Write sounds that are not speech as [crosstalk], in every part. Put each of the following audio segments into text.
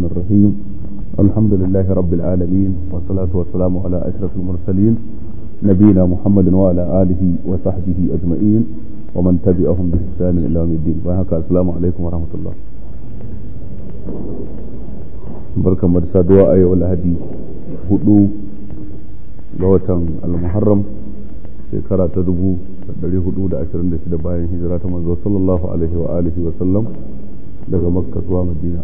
الرحمن الرحيم الحمد لله رب العالمين والصلاة والسلام على أشرف المرسلين نبينا محمد وعلى آله وصحبه أجمعين ومن تبعهم بإحسان إلى يوم الدين وهكذا السلام عليكم ورحمة الله بركة مرسى دعاء والهدي هدو لوتن المحرم shekara ta dubu dari hudu da ashirin da shida bayan hijira ta manzo sallallahu alaihi wa alihi wa sallam daga makka zuwa madina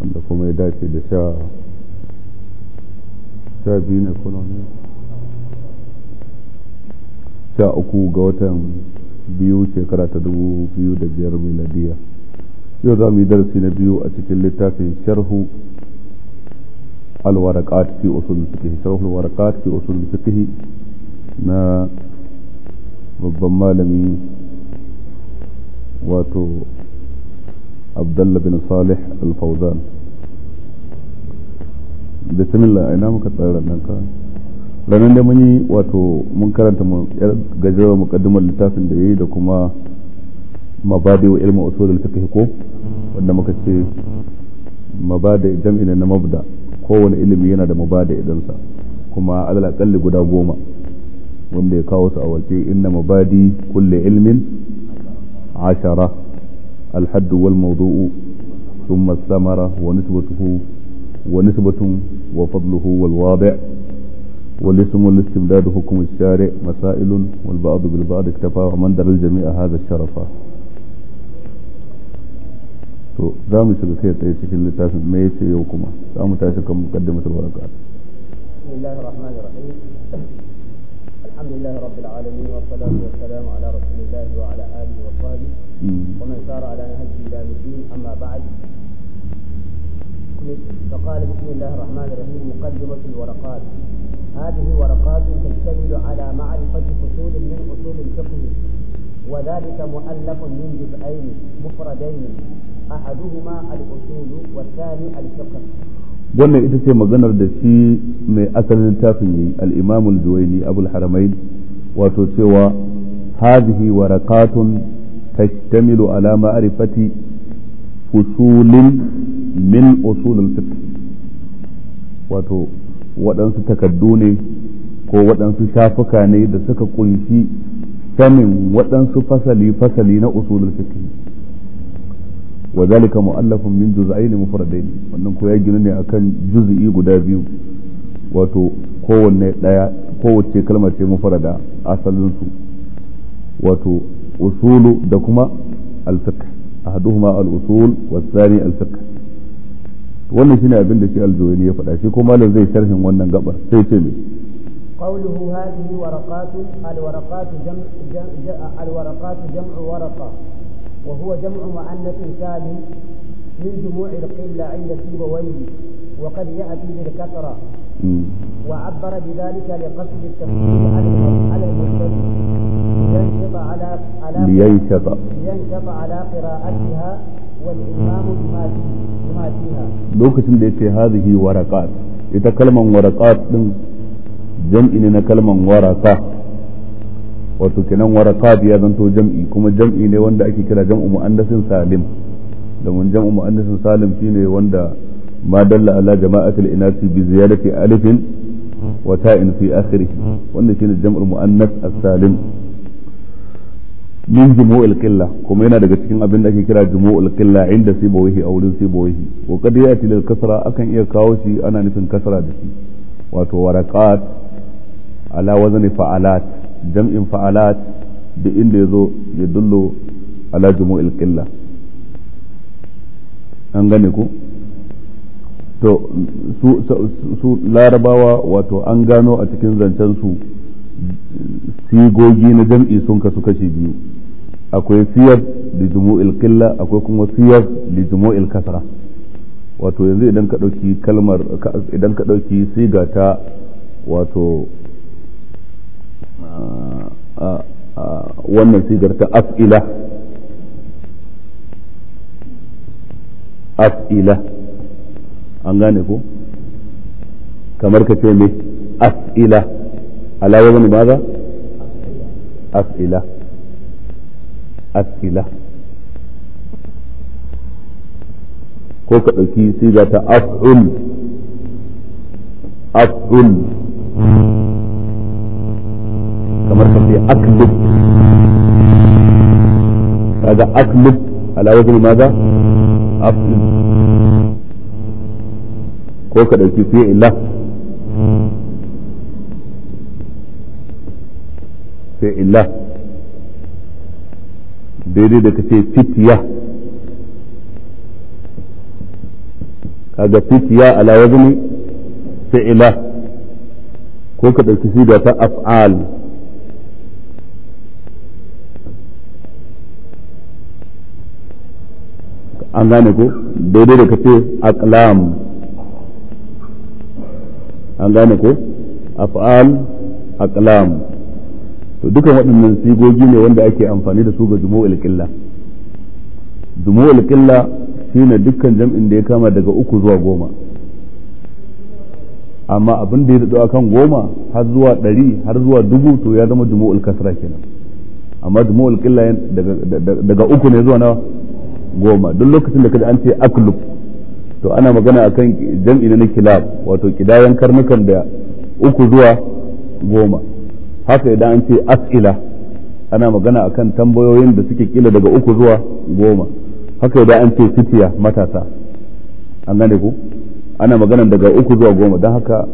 wanda kuma ya dace da sha sha biyu ne kuna ne sha uku ga watan biyu shekara ta dubu biyu da biyar miladiya yau za mu yi darasi na biyu a cikin littafin sharhu alwarakat fi usul الفقه sharhu alwarakat fi usul الفقه na babban malami wato عبد الله بن صالح الفوزان بسم الله اينا muka tsara nan ka da mun yi wato mun karanta mu gajerar mukaddimar littafin da yayi da kuma mabadi wa ilmu usul fiqh ko wanda muka ce mabadi jam'i ne na mabda kowane ilimi yana da mabada idan sa kuma alal aqalli guda goma wanda ya kawo su a wace inna mabadi kulli ilmin ashara الحد والموضوع ثم الثمرة ونسبته ونسبة وفضله والواضع والاسم والاستبداد حكم الشارع مسائل والبعض بالبعض اكتفى ومن در الجميع هذا الشرف to za mu shiga kai tsaye ميت يوكما me yace yau kuma za mu tashi kan الحمد لله رب العالمين والصلاة والسلام على رسول الله وعلى آله وصحبه ومن سار على نهجه إلى الدين أما بعد فقال بسم الله الرحمن الرحيم مقدمة الورقات هذه ورقات تشتمل على معرفة فصول من أصول الفقه وذلك مؤلف من جزئين مفردين أحدهما الأصول والثاني الفقه wannan ita ce maganar da shi mai asalin littafin yi al-imam al abul haramain wato cewa hadhihi warakatun tashtamilu ala ma'rifati fusulin min usul fiqh wato waɗansu takaddu ne ko waɗansu shafuka ne da suka kunshi sanin waɗansu fasali fasali na usulul fiqh wa zalika mu'allafun min juz'ain mufradain wannan ko ya gina ne akan juz'i guda biyu wato kowanne daya kowace kalmar ce mufrada asalin su wato usulu da kuma al-fiqh ahaduhuma al-usul al الفقه wannan shine abin da shi al aljuwaini ya faɗa shi ko malam zai sharhin wannan gabar sai ce me قوله هذه ورقات الورقات جمع, جمع الورقات جمع ورقة وهو جمع مؤنث سالم من جموع القلة عند سيبويه وقد يأتي بالكثرة وعبر بذلك لقصد التفصيل على المشتري لينشط على على لينشط لينشط على قراءتها والإمام بما فيها لوكسن ديتي هذه ورقات ita kalman warakat din jam'i ne na kalman waraka wato kenan warakat ya zanto jam'i kuma jam'i ne wanda ake kira jam'u muannasin salim domin jam'u muannasin salim shine wanda ma dalla ala jama'ati al-inasi bi ziyadati alifin wa ta'in fi akhirih wanda shine jam'ul muannas as-salim min jumu'il qilla kuma yana daga cikin abin da ake kira jumu'ul qilla inda sibawihi aw wurin sibawihi wa qad yati lil kasra akan iya kawo shi ana nufin kasra da shi wato waraqat ala wazni fa'alat jam'in fa'alat da inda ya zo ya dullo alajimu ilkilla an gane ku to su, su, su larabawa wato an gano a cikin zancen su sigogi na jam'i sun kasu kashi biyu akwai siyar da jumu'il qilla akwai kuma siyar da jumu'il kasra wato yanzu idan ka dauki kalmar idan ka dauki siga ta wato wannan sigar ta af'ila af'ila an gane ko kamar ka ce mai af'ila ala ba za? af'ila af'ila ko ka ɗauki sigar ta af'ul af'ul kamar ka ce aklib kaga aklib ala wajen maza aflib ko ka dauki fiye illa fiye illa daidai da ka ce fitiya kaga fitiya ala wajen fi'ila ko ka ɗauki da ta af'al an gane ko daidai da ka ce aklam an gane ko af'al aklam to dukan waɗannan sigogi ne wanda ake amfani da su ga ilkilla jumo ilkilla shi shine dukkan jam'in da ya kama daga uku zuwa goma amma abin da ya daɗo akan goma har zuwa ɗari har zuwa dubu to ya zama jumo ilkasra kenan amma jumo ilkilla daga uku ne zuwa nawa goma duk lokacin da kaji an ce aklub to ana magana akan jam'i na kilab wato kidayan karnukan da uku zuwa goma haka idan an ce as'ila ana magana akan tambayoyin da suke kila daga uku zuwa goma haka idan an ce sitiya matasa an gane ku ana magana daga uku zuwa goma don haka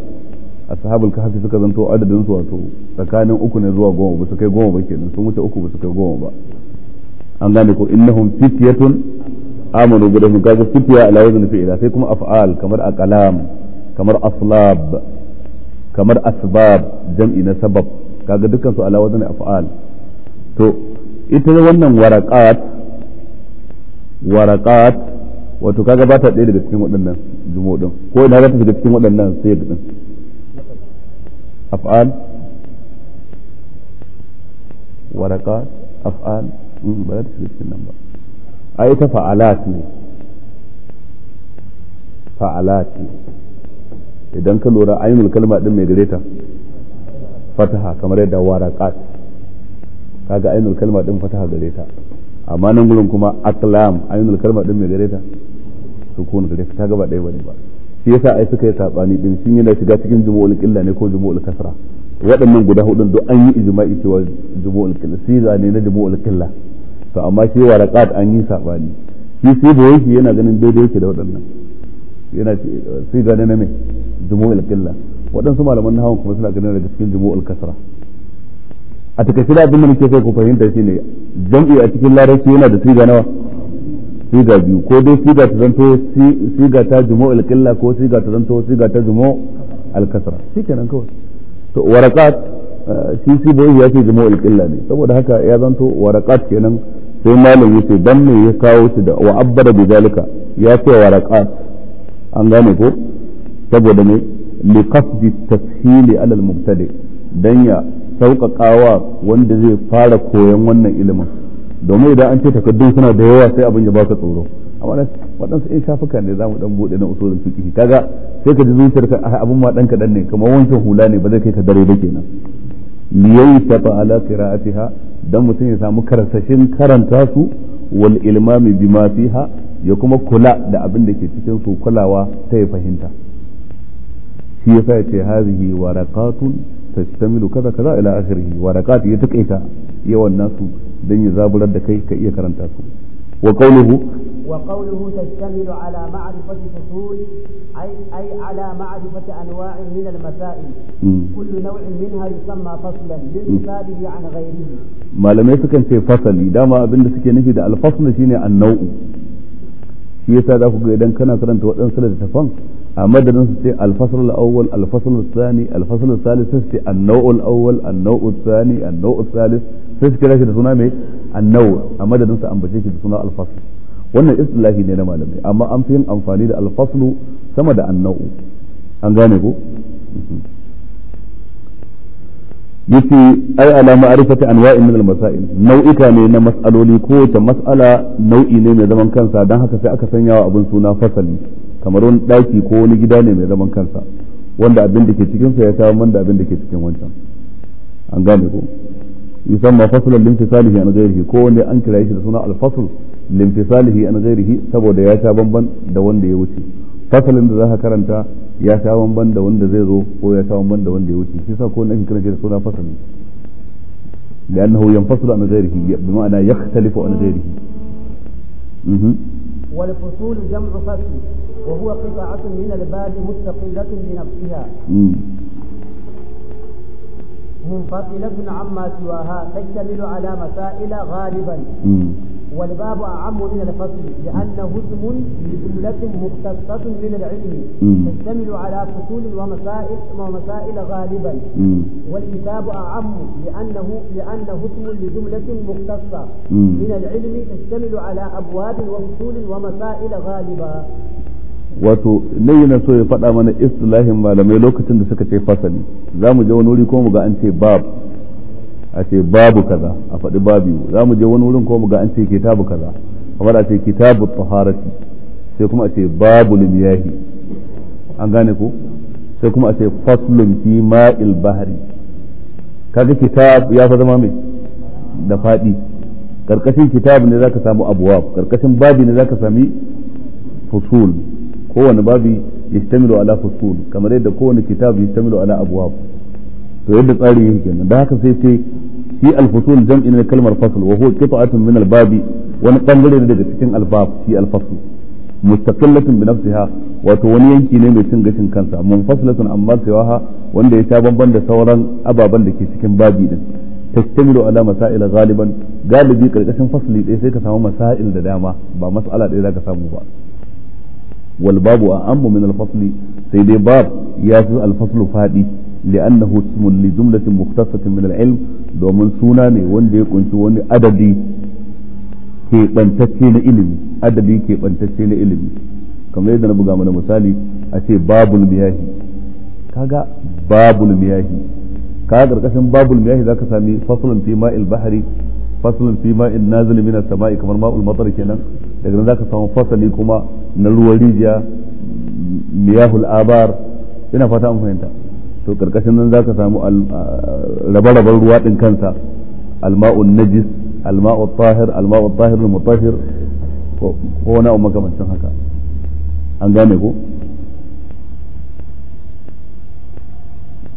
ashabul kahfi suka zanto adadin su wato tsakanin uku ne zuwa goma ba su kai goma ba kenan sun wuce uku ba su kai goma ba an gane ko innahum fityatun amanu bi rabbihim kaga fitya ala fi ila sai kuma af'al kamar aqlam kamar aslab kamar asbab jam'i na sabab kaga dukkan su ala wazn af'al to ita wannan waraqat waraqat wato kaga ba ta ɗaya daga cikin waɗannan jumu'udin ko ina za ta da cikin waɗannan sai din af'al waraqat af'al ba za ta shiga cikin nan ba ai ta fa'alat ne fa'alat ne idan ka lura ainul kalma din mai gareta fataha kamar yadda waraqat kaga ainul kalma din fataha gareta amma nan gurin kuma aqlam ainul kalma din mai gareta sukun gareta ta gaba ɗaya bane ba shi yasa ai suka yi sabani din shin yana shiga cikin jumu'ul qilla ne ko jumu'ul kasra waɗannan guda hudun duk an yi ijma'i cewa jumu'ul qilla siga ne na jumu'ul qilla to amma shi waraqat an yi sabani shi sai da yake yana ganin daidai yake da waɗannan yana sai ga na me jumu'ul qilla waɗansu malaman nahawun kuma suna ganin daga cikin jumu'ul kasra a takaice da abin da muke so ku fahimta shine jam'i a cikin larabci yana da siga nawa siga biyu ko dai siga ta zanto siga ta jumu'ul qilla ko siga ta zanto siga ta jumu'ul kasra shikenan kawai to waraqat eh, shi siboyi ya ce jumu'ul qilla ne saboda haka ya zanto waraqat kenan sai malam ce dan ne ya kawo shi da wa abbara bi zalika ya ce waraka an gane ko saboda ne li qasdi tashili ala al mubtadi dan ya sauƙaƙawa wanda zai fara koyon wannan ilimin domin idan an ce takaddun suna da yawa sai abin ya ba ka tsoro amma waɗansu in shafuka ne za mu dan buɗe na usulun fiqh kaga sai ka ji zuciyarka abin ma dan kaɗan ne kamar wancan hula ne ba zai kai ta dare ba kenan liyai ta ala qira'atiha dan mutum ya samu karsashin karanta su wal ilmami bima fiha ya kuma kula da abin da ke cikin su kulawa ta ya fahimta shi yasa ya ce hazihi waraqatun tastamilu kaza kaza ila akhirih waraqat ya takaita yawan nasu dan ya zaburar da kai ka iya karanta su wa qawluhu وقوله تشتمل على معرفة فصول أي, أي على معرفة أنواع من المسائل كل نوع منها يسمى فصلا لانفراده عن غيره ما لم يسكن في فصل داما أبن سكي نفي الفصل شيني النوع shi yasa za ku ga idan kana karanta waɗansu littattafan a madadin su ce alfasul awwal alfasul thani alfasul salis sai ce an-naw'ul awwal an-naw'u thani an-naw'u salis sai su da suna mai an a madadin su ambace shi da suna alfasul wannan istilahi ne na malamai amma an fi yin amfani da alfaslu sama da annau an gane ko yace ai ala ma'rifati anwa'in min al-masail nau'ika ne na mas'aloli ko ta mas'ala nau'i ne mai zaman kansa dan haka sai aka sanya wa abun suna fasali kamar wani daki ko wani gida ne mai zaman kansa wanda abin da ke cikin sa ya kawo man da abin da ke cikin wancan an gane ko yusamma faslan limtisalihi an ghairihi ko wanda an kira shi da suna al-fasl limtisalihi an ghairihi saboda ya sha bamban da wanda ya wuce fasalin da zaka karanta ya sha bamban da wanda zai zo ko ya sha bamban da wanda ya wuce shi yasa ko nan kana da suna fasali لأنه ينفصل عن غيره بمعنى يختلف عن غيره والفصول جمع فصل وهو قطعة من الباب مستقلة بنفسها منفصلة عما سواها تشتمل على مسائل غالبا مم. والباب أعم من الفصل لأنه اسم لجملة مختصة من العلم تشتمل على فصول ومسائل ومسائل غالبا والكتاب أعم لأنه لأنه اسم لجملة مختصة من العلم تشتمل على أبواب وفصول ومسائل غالبا wato nan yana so ya faɗa mana istilahin malamai lokacin da suka ce fasali za mu je wani wuri ko mu ga an ce bab a ce babu kaza a faɗi babu za mu je wani wurin ko mu ga an ce kitabu kaza kamar a ce kitabu taharati sai kuma a ce babu limiyahi an gane ko sai kuma a ce faslun fi ma'il bahari kaga kitab ya fa zama mai da faɗi karkashin kitab ne zaka samu abwab karkashin babi ne zaka sami fusul kowane babi yastamilu ala fusul kamar yadda kowane kitab yastamilu ala abwab to yadda tsari yake nan da haka sai sai shi al-fusul jam'i na kalmar fasl wa huwa qit'atun min babi wani bangare ne daga cikin al-bab shi al-fasl mustaqillatun bi nafsiha wato wani yanki ne mai cin gashin kansa mun munfasilatun amma siwaha wanda ya sha bamban da sauran ababen da ke cikin babi din tastamilu ala masail galiban galibi karkashin fasli ɗaya sai ka samu masail da dama ba mas'ala ɗaya ka samu ba wal babu a ammu min fasli sai dai bab ya fi al faɗi. لأنه اسم لجملة مختصة من العلم domin suna ne wanda ya kunshi wani adadi keɓantacce ilimi adadi keɓantacce na ilimi kamar yadda na buga mana misali a ce babul miyahi kaga babul miyahi kaga karkashin babul miyahi zaka sami faslun fi ma'il bahri faslun fi ma'il nazil samai kamar ma'ul matar kenan daga nan zaka sami fasali kuma na ruwan rijiya miyahul abar ina fata an fahimta to karkashin nan zaka samu rabe-raben ruwa din kansa alma'un najis alma'u tahir alma'u tahir mutahhir ko wani abu makamancin haka an gane ko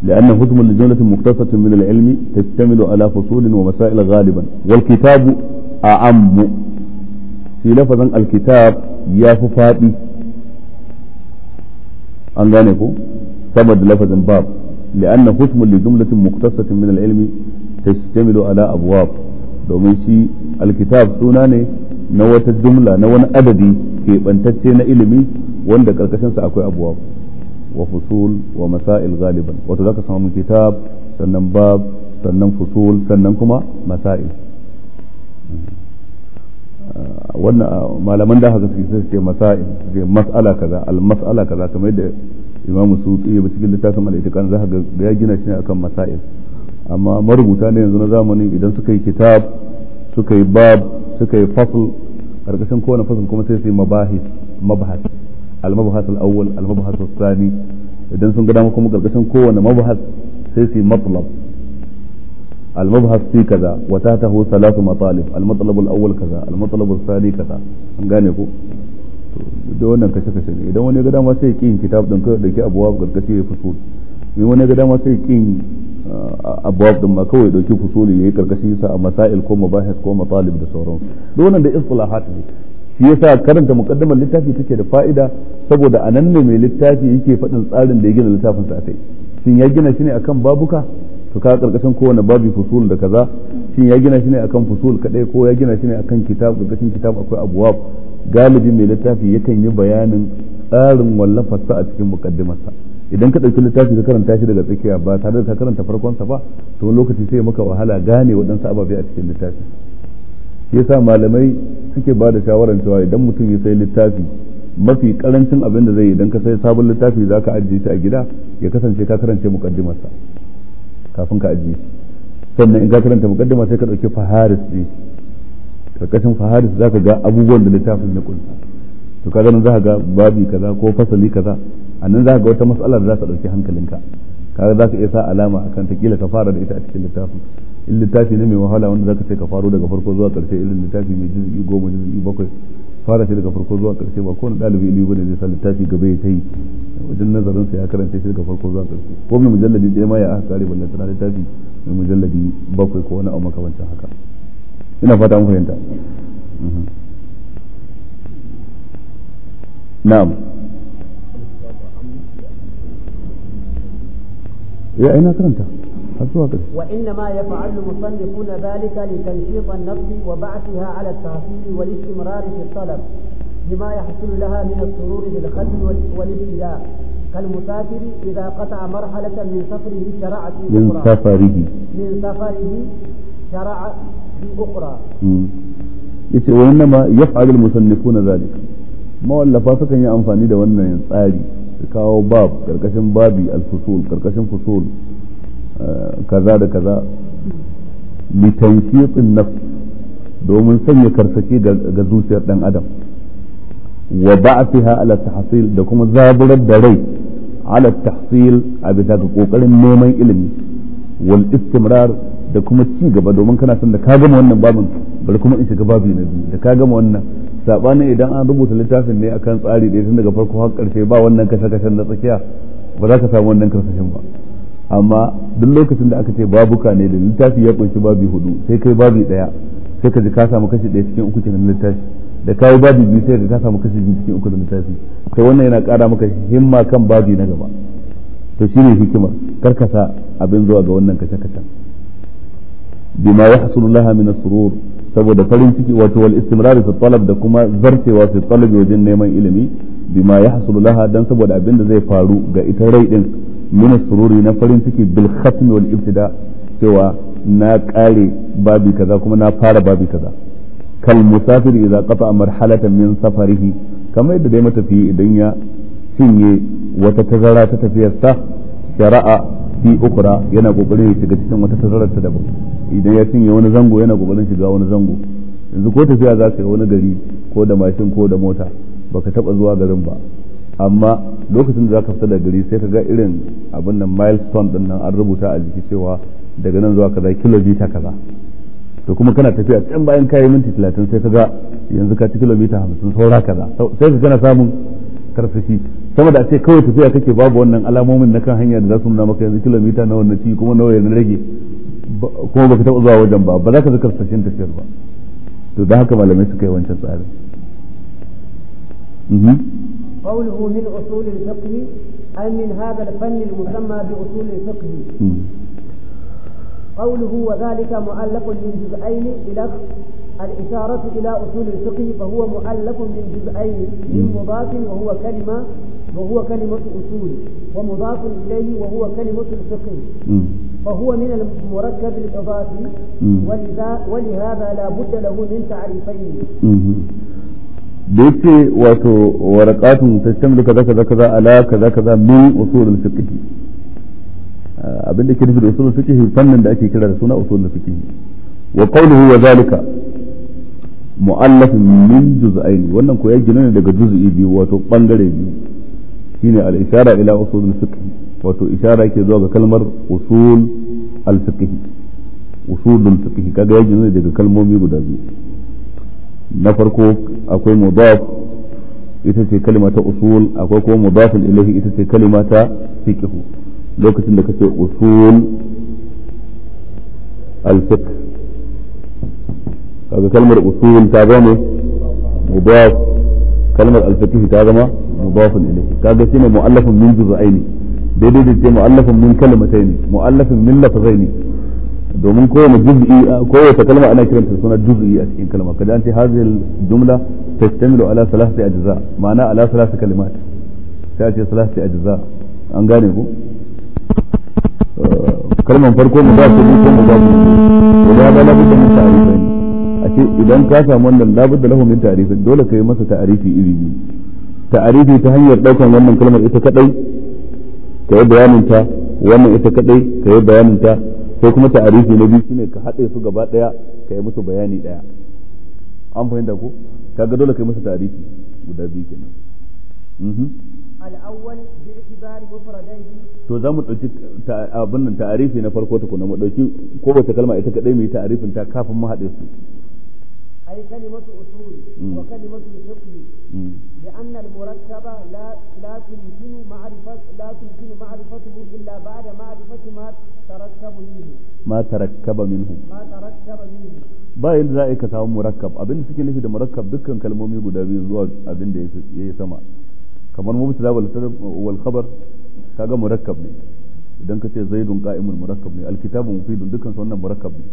لأن حكم لجملة مختصة من العلم تشتمل على فصول ومسائل غالبا والكتاب أعم في لفظا الكتاب يا ففاتي أنغانيكو sama da lafazin bab li'anna husmun li jumlatin muqtasatin min al-ilmi tashtamilu ala abwab domin shi alkitab suna ne na wata jumla na wani adadi keɓantacce na ilimi wanda karkashinsa akwai abwab wa fusul wa masail galiban wato zaka samu kitab sannan bab sannan fusul sannan kuma masail wannan malaman da haka suke ce masail ce mas'ala kaza al mas'ala kaza kamar yadda imam suti ba cikin littafin al-itiqan za ga ya gina shi ne akan masail amma marubuta ne yanzu na zamanin idan suka yi kitab suka yi bab suka yi fasl karkashin kowane fasl kuma sai su yi mabahis mabahas al-mabahas al-awwal al-mabahas al-thani idan sun ga dama kuma karkashin kowane mabahas sai su yi matlab المبحث في كذا وتاته ثلاث مطالب المطلب الأول كذا kaza an gane أنقاني da wannan kashe kashe ne idan wani ga dama sai kin kitab din kai dauki abuwab gargashi ya fito in wani ga dama sai kin abuwab ah, din ma kawai dauki fusuli yayi karkashi sa a masail ko mabahis ko matalib da sauran da wannan da istilahat ne shi yasa karanta muƙaddamar littafi take da fa'ida saboda anan ne mai littafi yake faɗin tsarin da ya gina littafin sa kai shin ya gina shi ne akan babuka to ka karkashin kowane babu fusul da kaza shin ya gina shi ne akan fusul kadai ko ya gina shi ne akan kitab ƙarƙashin kitab akwai abuwa galibi mai littafi yakan yi bayanin tsarin wallafarsa a cikin mukaddimarsa idan ka ɗauki littafi ka karanta shi daga tsakiya ba tare da ka karanta farkonsa ba to lokaci sai maka wahala gane waɗansu ababe a cikin littafi shi yasa malamai suke ba da shawarar cewa idan mutum ya sai littafi mafi karancin abin da zai yi idan ka sai sabon littafi za ka ajiye shi a gida ya kasance ka karance mukaddimarsa kafin ka ajiye sannan in ka karanta mukaddima sai ka ɗauki faharis ɗin karkashin faharis ka ga abubuwan da littafin ya kunsa to kaga nan ka ga babi kaza ko fasali kaza za ka ga wata mas'alar da za ka dauki hankalinka kaga ka iya sa alama a kan kila ka fara da ita a cikin littafin in littafi ne mai wahala wanda ka ce ka faro daga farko zuwa karshe irin littafi mai juz'i goma juz'i bakwai fara shi daga farko zuwa karshe ba kowane ɗalibi ilimi bane zai sa littafi gaba ya tayi wajen nazarin sa ya karanta shi daga farko zuwa karshe ko mai mujalladi ɗaya ma ya aka kare ballan tana littafi mai mujalladi bakwai ko wani abu makamancin haka ina fata an fahimta na'am ya eh, ina karanta har zuwa ƙarshe wa inna ma yaf'alu musannifuna dhalika li tanshiq an-nafs wa ba'thaha 'ala at-tahsil wal istimrar fi at-talab بما يحصل لها من السرور بالخجل والابتلاء كالمسافر إذا قطع مرحلة من سفره شرعت من سفره من سفره شرع أخرى yace wa inna ma yaf'alu al-musannifuna zalik mawallafa sukan yi amfani da wannan tsari su kawo bab karkashin babi al-fusul karkashin fusul kaza da kaza li tanqiqin nafs domin sanya karsace ga zuciyar dan adam wa ba'thaha ala tahsil da kuma zaburar da rai ala tahsil a bisa ga kokarin neman ilimi wal istimrar da kuma ci gaba domin kana son da ka gama wannan babin bari kuma in shiga babi na biyu da ka gama wannan sabanin idan an rubuta littafin ne akan tsari da tun daga farko har karshe ba wannan kashe kashen na tsakiya ba za ka samu wannan karsashin ba amma duk lokacin da aka ce babuka ne da littafi ya kunshi babi hudu sai kai babi daya sai ka ji ka samu kashi daya cikin uku cikin littafi da kawo babi biyu sai ka samu kashi biyu cikin uku da littafi to wannan yana kara maka himma kan babi na gaba to shine hikimar karkasa abin zuwa ga wannan kace kace bima yahsulu laha min surur saboda farin ciki wato wal istimrar fi talab da kuma zartewa fi talab wajen neman ilimi bima yahsulu laha dan saboda abin da zai faru ga ita rai din min sururi na farin ciki bil khatm wal ibtida cewa na kare babi kaza kuma na fara babi kaza kal musafir idza qata marhalatan min safarihi kamar yadda dai matafiyi idan ya cinye wata tazara ta tafiyarsa shara'a fi ukura yana kokarin ya shiga cikin wata tazarar ta daban idan ya cinye wani zango yana kokarin shiga wani zango yanzu ko tafiya za ka yi wani gari ko da mashin ko da mota baka taba zuwa garin ba amma lokacin da za ka fita da gari sai ka ga irin abin nan milestone din nan an rubuta a jiki cewa daga nan zuwa kaza kilomita kaza to kuma kana tafiya can bayan kayi minti talatin sai ka ga yanzu ka ci kilomita hamsin saura kaza sai ka gana samun karfashi sama da ce kawai tafiya kake babu wannan alamomin na kan hanya da za su nuna maka yanzu kilomita nawa na ci kuma nawa na rage kuma baka taɓa zuwa wajen ba ba za ka zaka sashen tafiyar ba to da haka malamai suka yi wancan tsarin mhm. قوله من أصول الفقه أي من هذا الفن المسمى بأصول الفقه قوله وذلك bi للجزئين بلفظ الإشارة إلى أصول الفقه فهو معلق من جزئين من مضاف وهو كلمة وهو كلمة أصول ومضاف إليه وهو كلمة الفقه فهو من المركب الإضافي ولذا ولهذا لا بد له من تعريفين بيتي واتو ورقات تشتمل كذا كذا كذا على كذا كذا من أصول الفقه abin da ke nufi da usulun fikihi fannin da ake kira da mu'allafin min juz'ain wannan ko ya gina ne daga juz'i biyu wato bangare biyu shine al-ishara ila usulul fiqh wato ishara yake zuwa ga kalmar usul al-fiqh usulul fiqh kaga ya gina ne daga kalmomi guda biyu na farko akwai mudaf ita ce kalma ta usul akwai kuma mudafin ilahi ita ce kalma ta fiqh lokacin da kace usul al-fiqh kaga kalmar usul ta zama mudaf kalmar al ta zama mudaf ilayhi kaga shine mu'allafun min juz'aini daidai da ce mu'allafun min kalmataini mu'allafun min lafzaini domin kowane juz'i kowace kalma ana kiranta da suna juz'i a cikin kalma kaji an ce hazil jumla tastamilu ala salasati ajza ma'ana ala salasati kalimat sai a ce salasati ajza an gane ku kalman farko mu ba su mu ba su da ba la budda min ta'rifin a ce idan ka samu wannan labar da lahumin ta'arifin dole ka yi masa ta'arifi iri biyu ta'arifi ta hanyar ɗaukan wannan kalmar ita kadai ka yi bayaninta wannan ita kadai ka yi bayaninta sai kuma ta'arifi na biyu shine ka haɗe su gaba ɗaya ka yi musu bayani ɗaya an fahimta ko kaga dole ka yi masa ta'arifi guda biyu kenan mhm. al-awwal bi'tibari mufradaihi to za mu ɗauki abin nan ta'arifi na farko tukuna mu ɗauki kowace kalma ita kaɗai mu yi ta'arifin ta kafin mu haɗe su أي كلمة أصول وكلمة فقه لأن المركب لا لا تمكن معرفة لا تمكن معرفته إلا بعد معرفة ما تركب منه ما تركب منه ما تركب منه ba yadda za a yi ka murakkab abin da suke nufi da murakkab dukkan kalmomi guda biyu zuwa abin da ya yi sama kamar da wal khabar kaga murakkab ne idan ka ce zaidun qa'imul murakkab ne alkitabu mufidun dukkan su wannan murakkab ne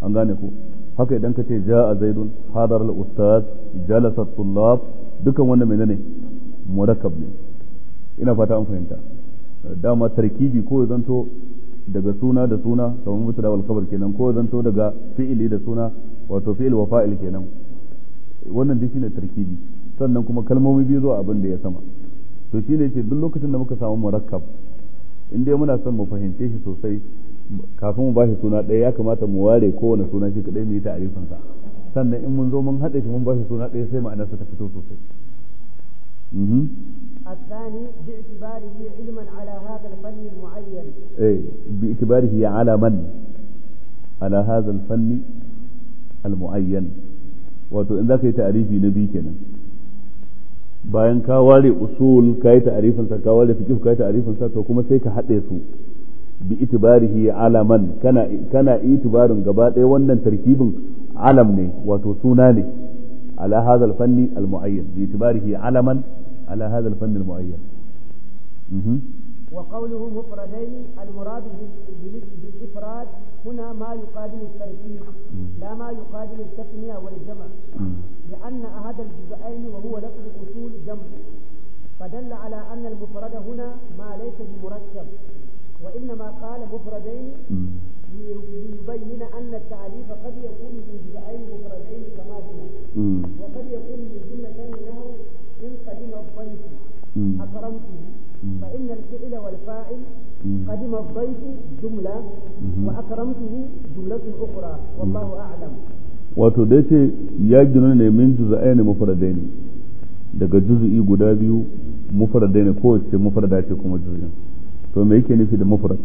an gane ko haka idan ka ce a zaidun hadar al'ustaz ustad jalasa tullab dukan wannan ne. murakab ne ina fata an fahimta dama tarkibi ko zanto daga suna da suna kamar mutu da khabar kenan ko zanto daga fi'ili da suna wato fi'il wa fa'il kenan wannan duk shine tarkibi sannan kuma kalmomi biyu zuwa abin da ya sama to shine ce duk lokacin da muka samu murakab in muna son mu fahimce shi sosai kafin mu bashi suna ɗaya ya kamata mu ware kowane suna shi kadai mu yi ta'arifin sannan in mun zo mun haɗa shi mun bashi suna ɗaya sai ma'anarsa ta fito sosai الثاني باعتباره علما على هذا الفن المعين ايه باعتباره على من على هذا الفن المعين wato in za ka yi ta'arifi na biyu kenan bayan ka ware usul ka yi ta'arifin sa ka ware fiqh ka yi ta'arifin sa to kuma sai ka haɗe su bi itibarihi alaman kana kana itibarin gaba ɗaya wannan tarkibin alam ne wato suna ne ala hadha al-fanni al-mu'ayyan bi itibarihi alaman ala hadha al-fanni al-mu'ayyan wa qawluhu وقوله مفردين المراد بالإفراد هنا ما يقابل التركيب لا ما يقابل التثنية والجمع لأن أحد الجزئين وهو لفظ الأصول جمع فدل على أن المفرد هنا ما ليس بمركب وإنما قال مفردين ليبين أن التعريف قد يكون من جزئين مفردين كما هنا وقد يكون من جملة له إن قدم الضيف أكرمته فإن الفعل والفاعل قدم الضيف جملة وأكرمته جملة أخرى والله أعلم wato da ce ya gina ne min juza'ai ne mafaradai ne daga juzu'i guda biyu mafaradai ne kowace mafarada ce kuma juzu'in to me yake nufi da mufrad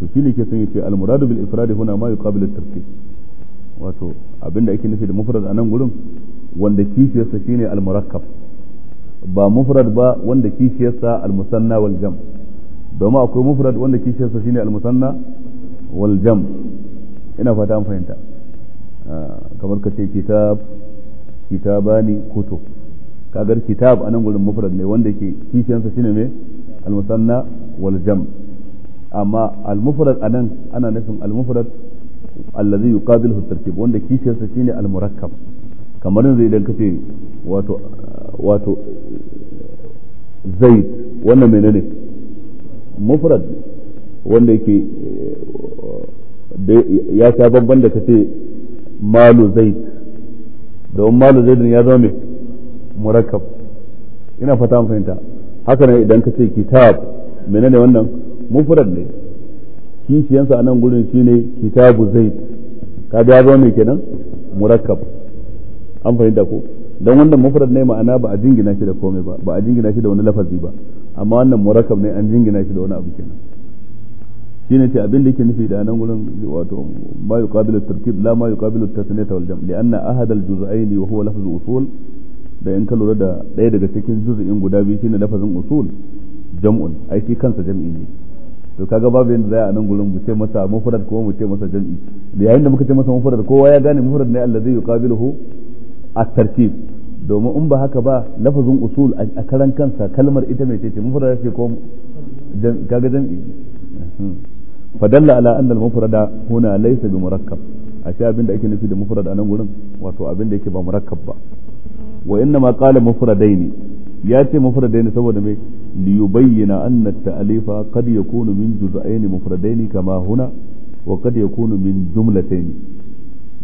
to shine ke son yace al muradu bil ifrad huna ma yuqabil at tarkib wato abinda ake nufi da mufrad a nan gurin wanda kishiyarsa shine al murakkab ba mufrad ba wanda kishiyarsa al musanna wal jam domin akwai mufrad wanda kishiyarsa shine al musanna wal jam ina fata an fahimta ah, kamar ka ce kitab kitabani kutub kagar kitab nan gurin mufrad ne wanda yake kishiyansa shine me al-musanna jam amma al-mufrad anan ana nufin al-mufrad allazi yuqabiluhu tarkib wanda kishiyarsa shine al-murakkab kamar yanzu idan kace wato wato zaid wannan menene mufrad wanda ya ta babban da kace malu malu ya zama mai murakkab ina fata fahimta haka ne idan ka ce kitab menene wannan mufrad ne kishiyansa a nan gurin shine kitabu zaid ka ga zo ne kenan murakkab an fahimta ko dan wannan mufrad ne ma'ana ba a jingina shi da komai ba ba a jingina shi da wani lafazi ba amma wannan murakkab ne an jingina shi da wani abu kenan shine ce abin da yake nufi da nan gurin wato ma yuqabilu tarkib la ma yuqabilu tasniyata wal jam' li anna ahad al juz'ayn wa huwa lafzu usul da in ka lura da ɗaya daga cikin juz'in guda biyu shine lafazin usul jam'un ai shi kansa jam'i ne to kaga babu yanda za a nan gurin mu ce masa mufrad ko mu ce masa jam'i da yayin da muka ce masa mufrad kowa ya gane mufrad ne allazi yuqabiluhu at-tartib domin in ba haka ba lafazin usul a karan kansa kalmar ita mai ce ce mufrad ce ko kaga jam'i fadalla ala anna al mufrad huna laysa bi murakkab a ce abin da ake nufi da mufrad a nan gurin wato abin da yake ba murakkab ba wa inna ma qala mufradaini ya ce mufradaini saboda me li yubayyana anna ta'alifa qad yakunu min juz'ain mufradaini kama huna wa qad yakunu min jumlataini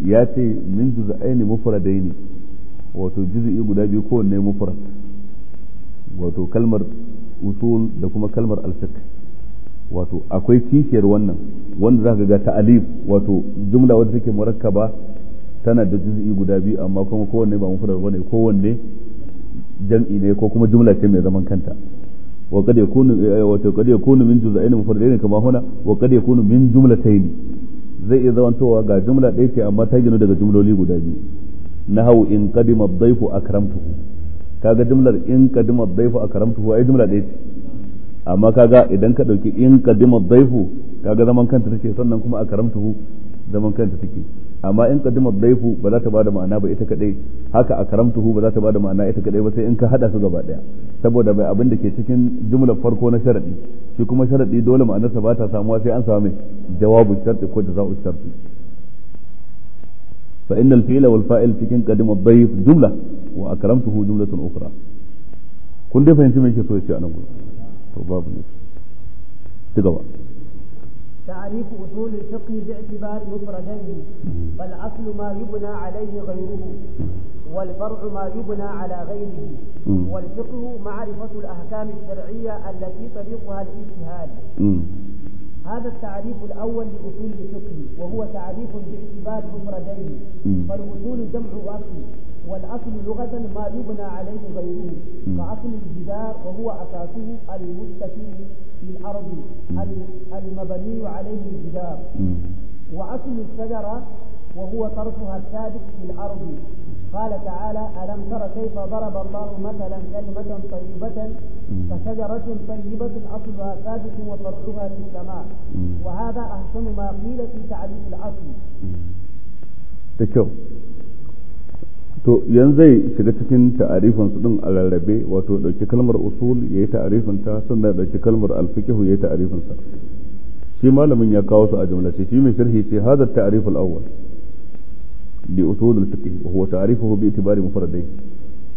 ya ce min juz'ain mufradaini wato juz'i guda biyu ko ne mufrad wato kalmar usul da kuma kalmar al-fiqh wato akwai kishiyar wannan wanda zaka ga ta'alif wato jumla wadda take murakkaba tana da juz'i guda biyu amma kuma kowanne ba mufrad bane kowanne jam'i ne ko kuma jumla ce mai zaman kanta wa qad yakunu eh, wa qad yakunu min juz'ain mufradain kama huna wa qad yakunu min jumlatayn zai iya zamantowa ga jumla ɗaya ce amma ta ginu daga jumloli guda biyu na hau in qadima ad-dayfu akramtuhu kaga jumlar in qadima ad-dayfu akramtuhu ai jumla ɗaya ce amma kaga idan ka dauki in qadima ad-dayfu kaga zaman kanta take sannan kuma akramtuhu zaman kanta take amma in qadima daifu ba za ta ba da ma'ana ba ita kadai haka a akramtuhu ba za ta ba da ma'ana ita kadai ba sai in ka hada su gaba daya saboda bai abin da ke cikin jumlar farko na sharadi shi kuma sharadi dole ma'anarsa ba ta samuwa sai an samu jawabin sharti ko u sharti fa innal fi'la wal fa'il cikin qadima daif jumla wa akramtuhu jumlatun ukhra kun dai fahimci me yake so ya ce anan gurin to babu ne ci gaba تعريف أصول الفقه باعتبار مفردين فالأصل ما يبنى عليه غيره والفرع ما يبنى على غيره والفقه معرفة الأحكام الشرعية التي طريقها الاجتهاد هذا التعريف الأول لأصول الفقه وهو تعريف باعتبار مفردين فالأصول جمع أصل والأصل لغة ما يبنى عليه غيره كأصل الجدار وهو أساسه المستفيد الأرض المبني عليه الجدار وأصل الشجرة وهو طرفها الثابت في الأرض قال تعالى ألم تر كيف ضرب الله مثلا كلمة طيبة كشجرة طيبة أصلها ثابت وطرفها في السماء وهذا أحسن ما قيل في تعريف الأصل. to yanzu zai shiga cikin ta'arifin su din a rarrabe wato dauki kalmar usul yayi ta'arifin ta sannan dauki kalmar al yayi ta'arifin sa shi malamin ya kawo su a ce shi mai sharhi ce hadha ta'arif al-awwal li usul al-fiqh huwa ta'arifuhu bi itibari mufradai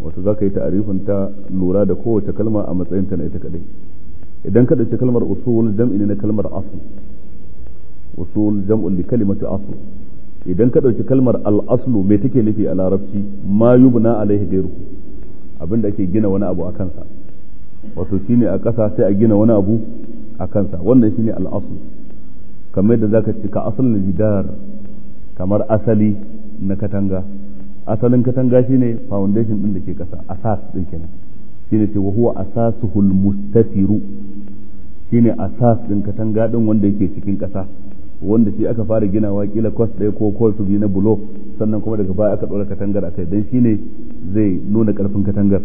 wato zaka yi ta'arifin ta lura da kowace kalma a matsayin ta na ita kadai idan ka dauki kalmar usul jam'i ne na kalmar asl usul jam'u li kalimati asl idan ka ɗauki kalmar al'aslu mai take nufi a larabci ma yubna alaihi gairu abin da ake gina wani abu a kansa wato shine a ƙasa sai a gina wani abu a kansa wannan shine al'aslu kamar yadda zaka ci ka asalin jidar kamar asali na katanga asalin katanga shine foundation din da ke ƙasa asas din kenan shine ce wa huwa asasuhul mustasiru shine asas din katanga din wanda yake cikin ƙasa wanda shi aka fara ginawa kila kwas ɗaya ko kwas biyu na bulo sannan kuma daga baya aka ɗora katangar a kai don shi ne zai nuna ƙarfin katangar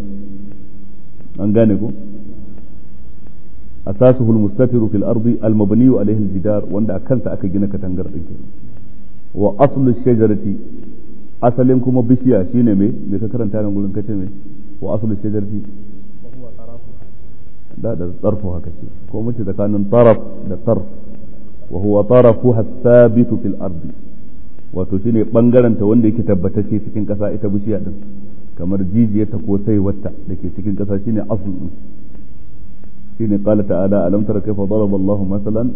an gane ko Mustafi almustatiru fil ardi almabniyu alayhi jidar wanda a kansa aka gina katangar din wa aslu shajarati asalin kuma bishiya shine me me ka karanta nan gurin kace me wa aslu shajarati da da tsarfu haka ce ko mace tsakanin taraf da tarf wa huwa tarafuha thabitu fil ardi wato ne bangaren ta wanda yake tabbatacce cikin kasa ita bishiya din kamar jijiyarta ko da dake cikin kasa shine asl shine qala ta'ala alam tara kayfa daraba Allahu masalan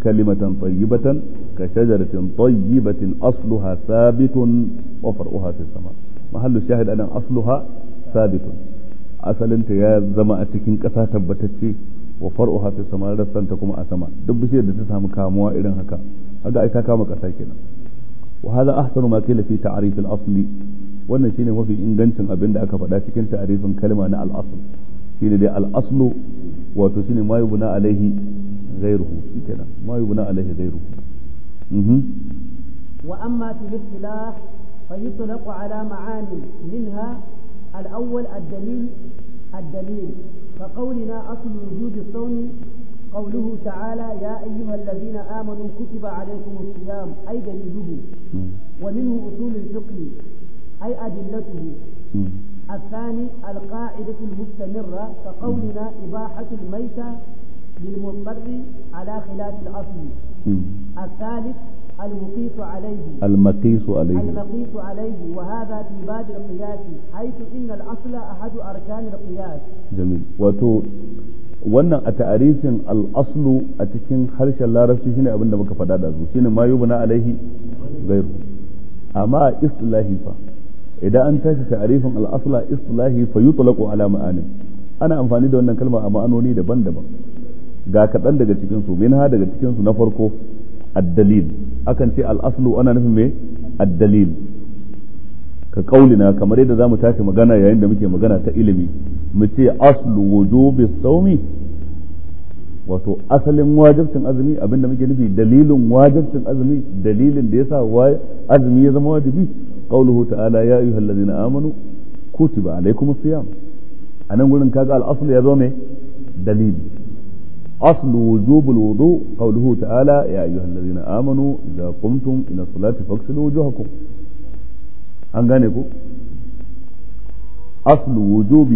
kalimatan tayyibatan ka shajaratin tayyibatin asluha thabitun wa far'uha fis sama mahallu shahid anan asluha thabitun asalin ta ya zama a cikin kasa tabbatacce wa far'uha fi sama rassan ta kuma a sama duk bishiyar da ta samu kamuwa irin haka haka ai ta kama kasa kenan wa hada ahsanu ma qila fi ta'rif al-asl wannan shine mafi ingancin abin da aka faɗa cikin ta'rifin kalma na al-asl shine dai al-aslu wato shine ma yubna alaihi ghayruhu kenan ma yubna alaihi ghayruhu mhm wa amma fi al-istilah فيطلق على معاني منها الأول الدليل الدليل فقولنا أصل وجود الصوم قوله تعالى يا أيها الذين آمنوا كتب عليكم الصيام أي دليله ومنه أصول الفقه أي أدلته الثاني القاعدة المستمرة كقولنا إباحة الميتة للمضطر على خلاف الأصل الثالث المقيس عليه المقيس عليه المقيس عليه وهذا في باب القياس حيث إن الأصل أحد أركان القياس جميل وتو wannan a ta'arifin al'aslu a cikin harshen larabci shine abin da muka faɗa da su shine ma yubna alaihi gairu amma a istilahi fa idan an tashi ta'arifin al'asla istilahi fa yutlaqu ala ma'anin ana amfani da wannan kalma a anoni daban-daban ga kaɗan daga cikin daga cikinsu na farko addalil akan ce al'aslu ana nufin me addalil ka na kamar yadda zamu tashi magana yayin da muke magana ta ilimi mu ce aslu wujubi saumi wato asalin wajibcin azumi abinda muke nufi dalilin wajibcin azumi dalilin da yasa azumi ya zama wajibi qauluhu ta'ala ya ayyuhal ladzina amanu kutiba siya. siyam anan gurin kaga al-aslu ya zo me dalil. أصل وجوب الوضوء قوله تعالى يا أيها الذين آمنوا إذا قمتم إلى الصلاة فاغسلوا وجوهكم أنغانيكو أصل وجوب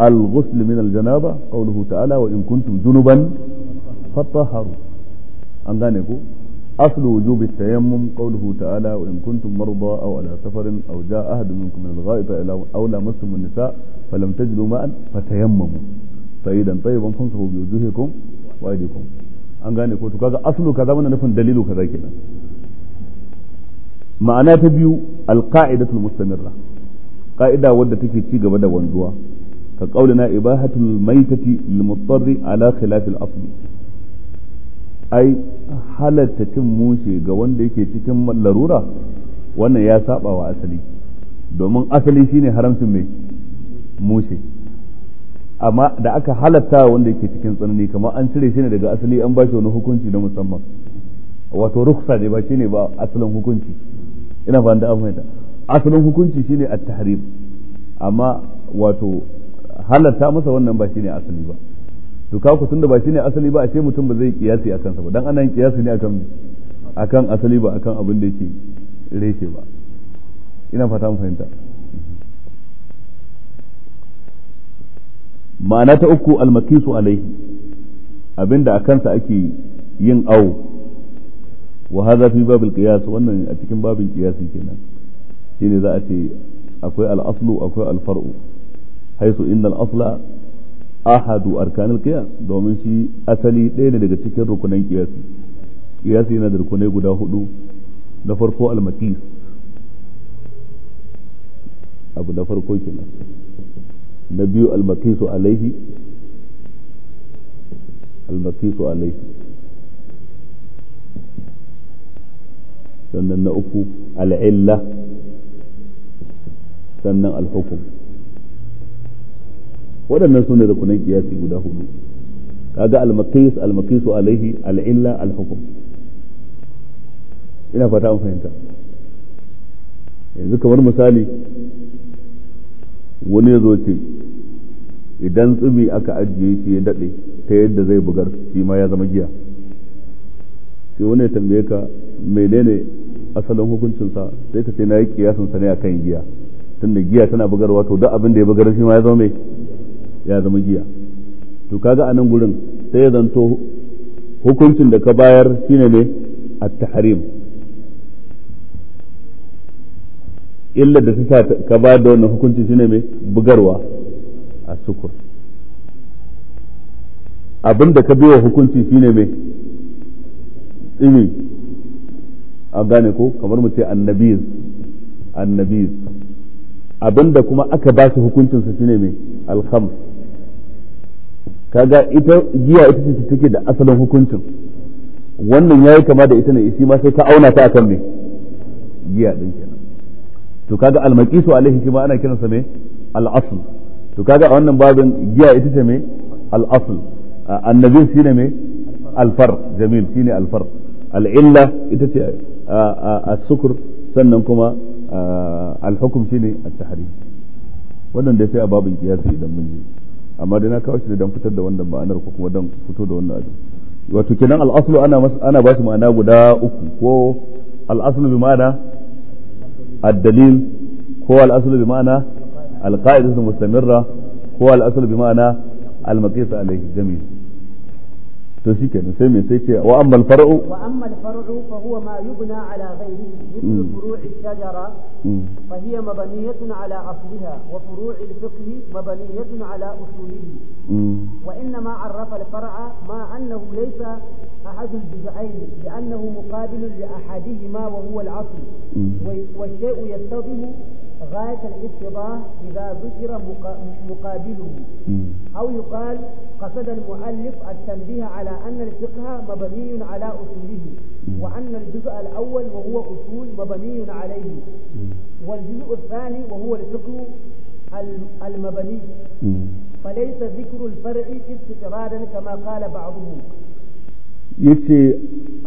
الغسل من الجنابة قوله تعالى وإن كنتم جنبا فطهروا أنغانيكو أصل وجوب التيمم قوله تعالى وإن كنتم مرضى أو على سفر أو جاء أحد منكم من الغائط أو لامستم النساء فلم تجدوا ماء فتيمموا sayidan tayyiban fansahu bi wujuhikum wa aydikum an gane ko to kaga aslu kaza mana nufin dalilu kaza kenan ma'ana ta biyu alqa'idatul mustamirra qa'ida wadda take ci gaba da wanzuwa ka qaulina ibahatul maitati lil mutarri ala khilafil asli ai halatta cin mushe ga wanda yake cikin larura wannan ya saba wa asali domin asali shine haramcin mai mushe amma da aka halatta wanda yake cikin tsanani kamar an cire shi ne daga asali an bashi wani hukunci na musamman wato ruksa ne ba shine ba asalin hukunci ina ba da fahimta asalin hukunci shine at-tahrim amma wato halatta masa wannan ba shine asali ba to ka ku tunda ba shine asali ba a ce mutum ba zai kiyasi akan sa ba dan anan kiyasi ne akan akan asali ba akan abin da yake reshe ba ina fata mun fahimta ma'ana ta uku almakisu alaihi abinda a kansa ake yin awo wa hadha fi babil qiyas wannan a cikin babin qiyasi kenan shine za a ce akwai al-aslu akwai al-far'u haisu innal asla ahadu arkanil qiyas domin shi asali ɗaya ne daga cikin rukunan qiyasi qiyasi yana da rukunai guda hudu na farko al-maqis abu na farko kenan na biyu almakisu alaihi almakisu alaihi sannan na uku al'illa sannan alhukum waɗannan su ne rukunan kiyasi guda hudu kaga almakis almakisu alaihi al'illa alhukum ina fata an fahimta yanzu kamar misali wani ya zo ce idan tsumi aka ajiye shi ya daɗe ta yadda zai bugar shi ma ya zama giya sai wani ya tambaye ka menene asalin hukuncinsa sai ka ce na yi sa ne akan giya tunda giya tana bugarwa to duk abin da ya bugar shi ma ya zama mai ya zama giya to kaga a nan gurin sai ya zanto hukuncin da ka bayar shine ne at-tahrim illa da suka sa ka ba da wannan hukunci shine mai bugarwa a sukur abin da ka biwa hukunci shine mai tsimi a gane ko kamar mu ce annabiz annabiz abin da kuma aka ba su hukuncinsa shine mai alham kaga ita giya ita ce take da asalin hukuncin wannan yayi kama da ita ne shi ma sai ka auna ta akan mai giya ke. to kaga almaqisu alaihi shi ma ana kiransa me al-asl to kaga a wannan babin giya ita ce me al-asl annabi shine me al-far jamil shine al-far al-illa ita ce as-sukr sannan kuma al-hukm shine at-tahrim wannan dai sai a babin kiyasi idan mun je amma dai na kawo shi don fitar da wannan ma'anar ko kuma don fito da wannan abin wato kenan al-aslu ana ana ba shi ma'ana guda uku ko al-aslu bi ma'ana الدليل هو الأصل بمعنى القاعدة المستمرة هو الأصل بمعنى المقيس عليه جميل to shi kenan sai mai sai ce wa amma alfar'u wa amma alfar'u fa huwa ma yubna ala ghayrihi mithlu furu' ash-shajara fa hiya mabniyatun ala asliha wa furu' al-fiqh mabniyatun ala usulihi wa inma arrafa al-far'a ma annahu laysa أحد الجزئين لأنه مقابل لأحدهما وهو العصر والشيء يتضح غاية الاتضاح إذا ذكر مقابله أو يقال قصد المؤلف التنبيه على أن الفقه مبني على أصوله وأن الجزء الأول وهو أصول مبني عليه والجزء الثاني وهو الفقه المبني فليس ذكر الفرع استقرارا كما قال بعضهم يتي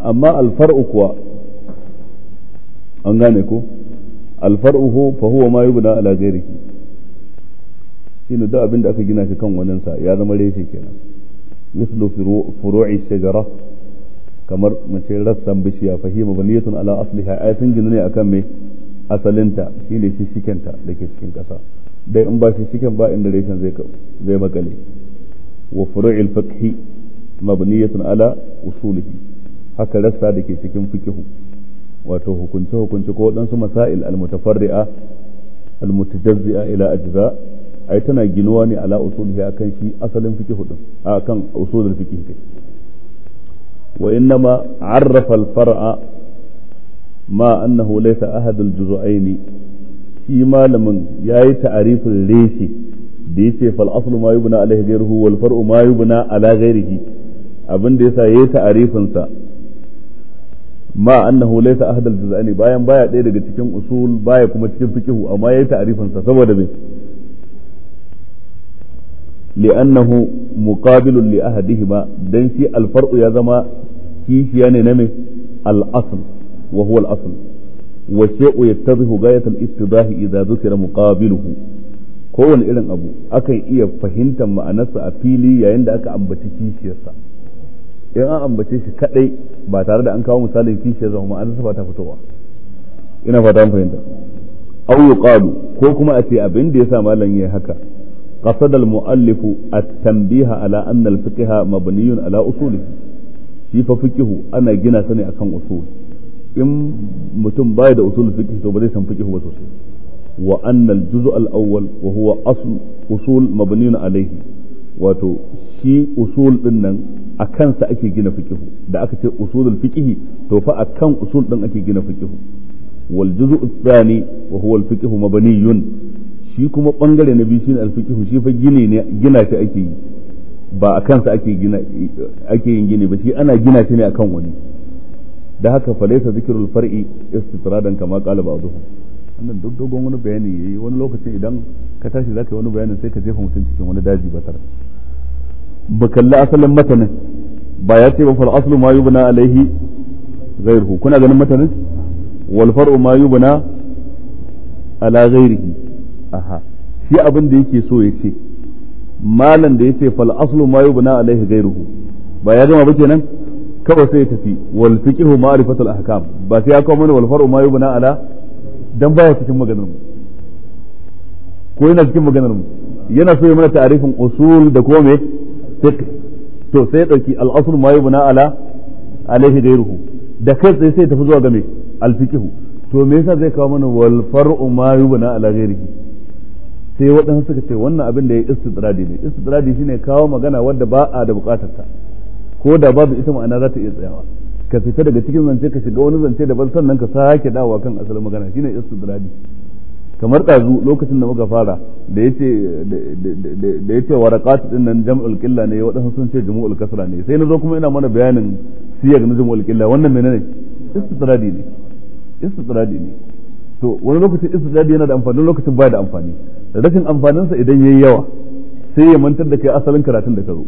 أما الفرع كوا أنغانيكو الفرع هو فهو ما يبنى على غيره shine duk abin da aka gina shi kan wani sa ya zama reshe kenan mislu furu'i shajara kamar mace rassan bishiya fahima baniyatun ala asliha ay sun gina ne akan me asalinta shine shi shikenta da ke cikin kasa dai in ba shi shiken ba inda reshen zai zai makale wa furu'il fiqhi mabniyatun ala usulihi haka rassa da ke cikin fikihu wato hukunce hukunce ko waɗansu masail almutafarri'a almutajazzi'a ila ajza' ai tana ginuwa ne ala usulihi akan shi asalin fiqh din akan usulul fiqh kai wa ma arrafa al-far'a ma annahu laysa ahad al-juz'ain shi malamin yayi ta'arifin reshe da yace fal aslu ma yubna alayhi ghayruhu wal far'u ma yubna ala ghayrihi da yasa yayi ta'arifin sa ma annahu laysa ahad al-juz'ain bayan baya daya daga cikin usul baya kuma cikin fiqh amma yayi ta'arifin sa saboda me li'annahu muqabilun li ahadihima dan shi alfar'u ya zama kishiya ne na me al-asl wa huwa al-asl wa shay'u yattadhihu ghayat al-ittidahi idza muqabiluhu kowane irin abu akan iya fahimtar ma'anarsa a fili yayin da aka ambaci kishiyarsa in an ambace shi kadai ba tare da an kawo misalin kishiyar zama ma'anarsa ba ta fitowa ina fata an fahimta au ko kuma a ce abin da yasa malam yi haka قصد المؤلف التنبيه على أن الفقه مبني على أصوله shi fa fikihu ana gina sa ne akan usul in mutum baya da usul fikihu to ba zai san fikihu ba sosai wa anna al-juz' al-awwal wa huwa asl usul wato shi usul din nan akan ake gina fiƙihu da aka ce usulul fikihi to fa akan usul ɗin ake gina fikihu wal juz' ath-thani shi kuma bangare na biyu shine alfiqhu shi fa gine ne gina shi ake yi ba a kansa ake gina ake yin gini ba shi ana gina shi ne akan wani da haka fa laysa zikrul far'i istitradan kama qala ba'dhum annan duk dogon wani bayani yayi wani lokacin idan ka tashi zaka yi wani bayanin sai ka jefa mutum cikin wani daji ba tare ba kalli asalin matanin ba ya ce ba fal aslu ma yubna alaihi ghairuhu kuna ganin matanin wal far'u ma yubna ala ghairihi aha shi abin da yake so ya ce malan da yace fal aslu ma yubna alaihi ghayruhu ba ya gama ba kenan kawai sai ya tafi wal fiqhu ma'rifatul ahkam ba sai ya kawo mana wal far'u ma yubna ala dan baya cikin maganar mu ko yana cikin maganar mu yana so ya mana ta'arifin usul da kuma me fiqh to sai ya dauki al aslu ma yubna ala alaihi ghayruhu da kai sai sai tafi zuwa ga me al fiqhu to me yasa zai kawo mana wal far'u ma yubna ala ghayrihi sai waɗansu suka ce wannan abin da ya istidradi ne istidradi shine kawo magana wadda ba a da buƙatar ta ko da babu ita ma'ana za ta iya tsayawa ka fita daga cikin zance ka shiga wani zance da ban sannan ka sake dawowa kan asalin magana shine istidradi kamar ɗazu lokacin da muka fara da ya ce da ya ce warakat din nan jam'ul qilla ne waɗansu sun ce jumu'ul kasra ne sai na zo kuma ina mana bayanin siyar na jumu'ul qilla wannan menene istidradi ne istidradi ne to wani lokacin istidradi yana da amfani lokacin baya da amfani rashin amfaninsa idan yayi yawa sai ya mantar da kai asalin karatun da ka zo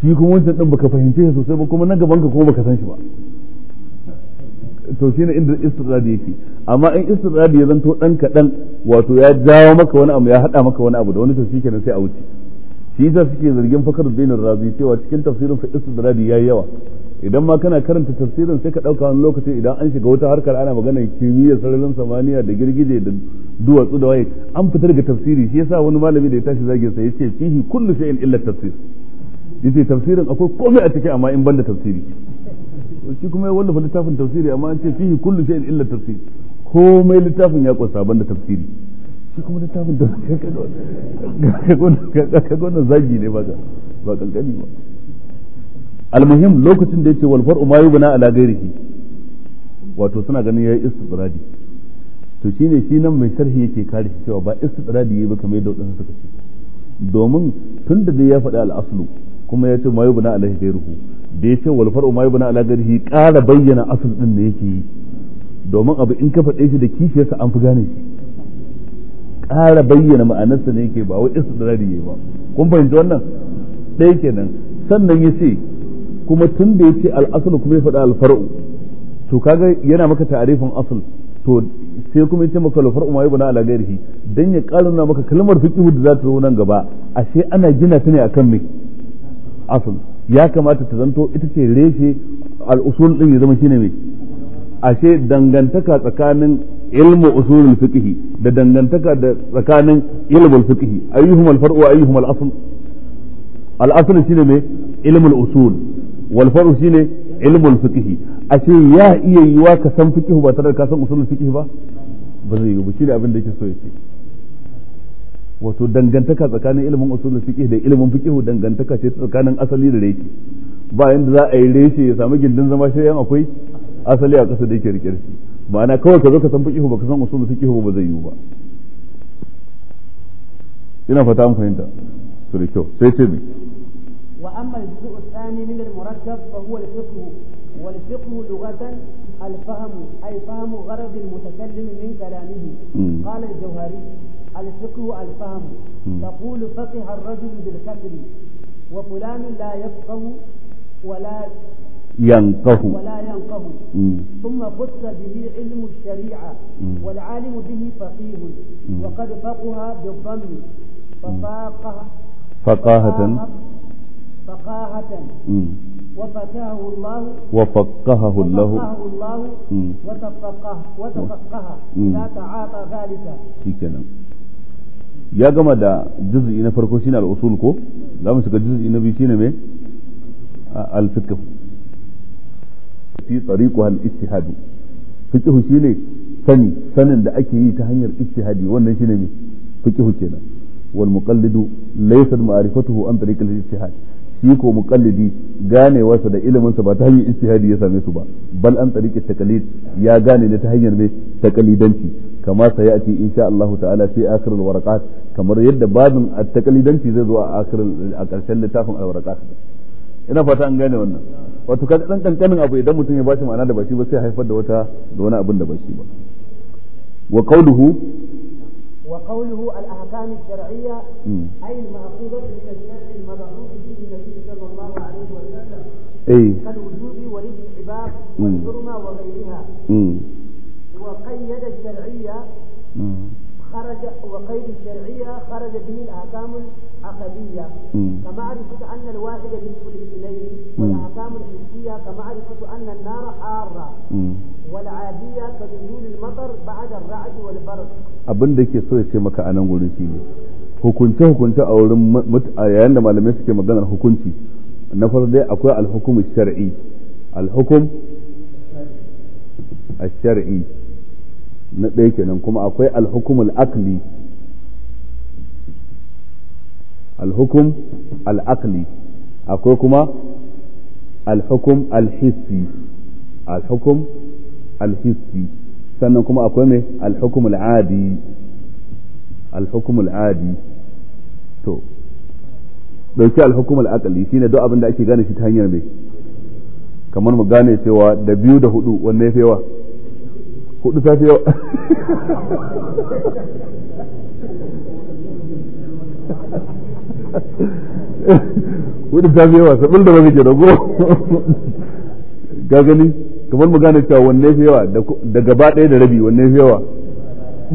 shi kuma wancan din baka fahimce shi sosai ba kuma na gaban ka kuma baka san shi ba to shine inda istidradi yake amma in istidradi ya zanto dan kadan wato ya jawo maka wani abu ya hada maka wani abu da wani to shikenan sai a wuce shi da suke zargin fakar dinin razi cewa cikin tafsirin fa istidradi yayi yawa idan ma kana karanta tafsirin sai ka ɗauka wani lokaci idan an shiga wata harkar ana magana kimiyyar sararin samaniya da girgije da duwatsu da waye an fitar da tafsiri shi yasa wani malami da ya tashi zagin sa yace fihi kullu shay'in illa tafsir yace tafsirin akwai komai a ciki amma in banda tafsiri shi kuma ya wallafa littafin tafsiri amma an ce fihi kullu shay'in illa tafsir komai littafin ya kosa banda tafsiri shi kuma littafin da ka gona zagi ne ba ba kankani ba almuhim lokacin da yace walfar far'u ma yubna ala ghairihi wato suna ganin yayi istidradi to shine shi nan mai sharhi yake kare shi cewa ba istidradi yayi ba kamar yadda wadansu suka ce domin tunda dai ya faɗi al-aslu kuma yace ma yubna ala ghairihi da yace wal far'u ma yubna ala ghairihi ƙara bayyana asl din da yake yi domin abu in ka faɗe shi da kishiyarsa an fi gane shi ƙara bayyana ma'anarsa ne yake ba wai istidradi yayi ba kun fahimci wannan ɗaya kenan sannan ya ce kuma tun da yace al-aslu kuma ya faɗa al-far'u to kaga yana maka ta'arifin asl to sai kuma yace maka al-far'u ma yabna ala ghairihi dan ya karuna maka kalmar fiqh da za ta zo nan gaba ashe ana gina ta ne akan me asl ya kamata ta zanto ita ce reshe al-usul din ya zama shine me ashe dangantaka tsakanin ilmu usulul fiqh da dangantaka da tsakanin ilmul fiqh ayyuhum al-far'u ayyuhum al-asl al-asl shine me ilmul usul wal faru shine ilmul fiqh ashe ya iya yiwa ka san fiqh ba tare da ka san usulul fiqh ba ba zai yiwu shine abin da yake so ce wato dangantaka tsakanin ilimin usulul fiqh da ilimin fiqh dangantaka ce tsakanin asali da reshe ba yanda za a yi reshe ya samu gindin zama shi yan akwai asali a kasa da yake rike shi ma'ana kawai ka zo ka san fiqh ba ka san usulul fiqh ba zai yiwu ba ina fata an fahimta to da kyau sai ce mai وأما الجزء الثاني من المركب فهو الفقه والفقه لغة الفهم أي فهم غرض المتكلم من كلامه قال الجوهري الفقه الفهم تقول فقه الرجل بالكسر وفلان لا يفقه ولا ينقه ولا ينقه ثم خص به علم الشريعة والعالم به فقيه وقد فقه بالضم ففاقه فقاهة فقاهة وفقهه الله وفقهه الله الله وتفقه وتفقه لا تعاطى ذلك في كلام ya gama da juz'i na farko shine al ko za mu shiga juz'i na biyu shine me sani sanin da ake yi ta hanyar ijtihadi wannan shine me fiqh kenan wal muqallidu laysa ma'rifatuhu an tariq ijtihad shi ko muqallidi ganewarsa da ilimin sa ba ta hanyar istihadi ya same su ba bal an tsariki taqlid ya gane ne ta hanyar me taqlidanci kamar sai ya'ti insha Allah ta'ala fi akhiril waraqat kamar yadda babin at-taqlidanci zai zo a akhirul a karshen littafin al-waraqat ina fata an gane wannan wato kaga dan kankanin abu idan mutum ya bashi ma'ana da bashi ba sai haifar da wata da wani abin da bashi ba wa qawluhu وقوله الأحكام الشرعية أي المأخوذة بالشرع المبعوث به النبي صلى الله عليه وسلم أي كالوجوب والاستحباب والحرمة وغيرها وقيد الشرعية خرج وقيد الشرعية خرج به الأحكام العقدية كمعرفة أن الواحد كل الاثنين والأحكام الحسية كمعرفة أن النار حارة والعادية كنزول المطر بعد الرعد والبرد abin da yake so ya ce maka a nan wurin shi ne hukunce hukunce a wurin a yayin da malamai suke maganar hukunci na farko dai akwai alhukum shar'i alhukum shar'i na ɗaya kenan kuma akwai alhukum al alhukum alakli akwai kuma alhukum alhissi alhukum alhissi sannan kuma akwai mai alhukum al'adi alhukum al'adi to dauki alhukum al'aqali shine duk abin da ake gane shi ta hanyar mai kamar mu gane cewa da biyu da hudu wanne fi yawa hudu ta fi yawa [laughs] hudu ta fi yawa sabin da wani ke da goma [laughs] kamar mu gane cewa wanne fi yawa da gaba ɗaya da rabi wanne fi yawa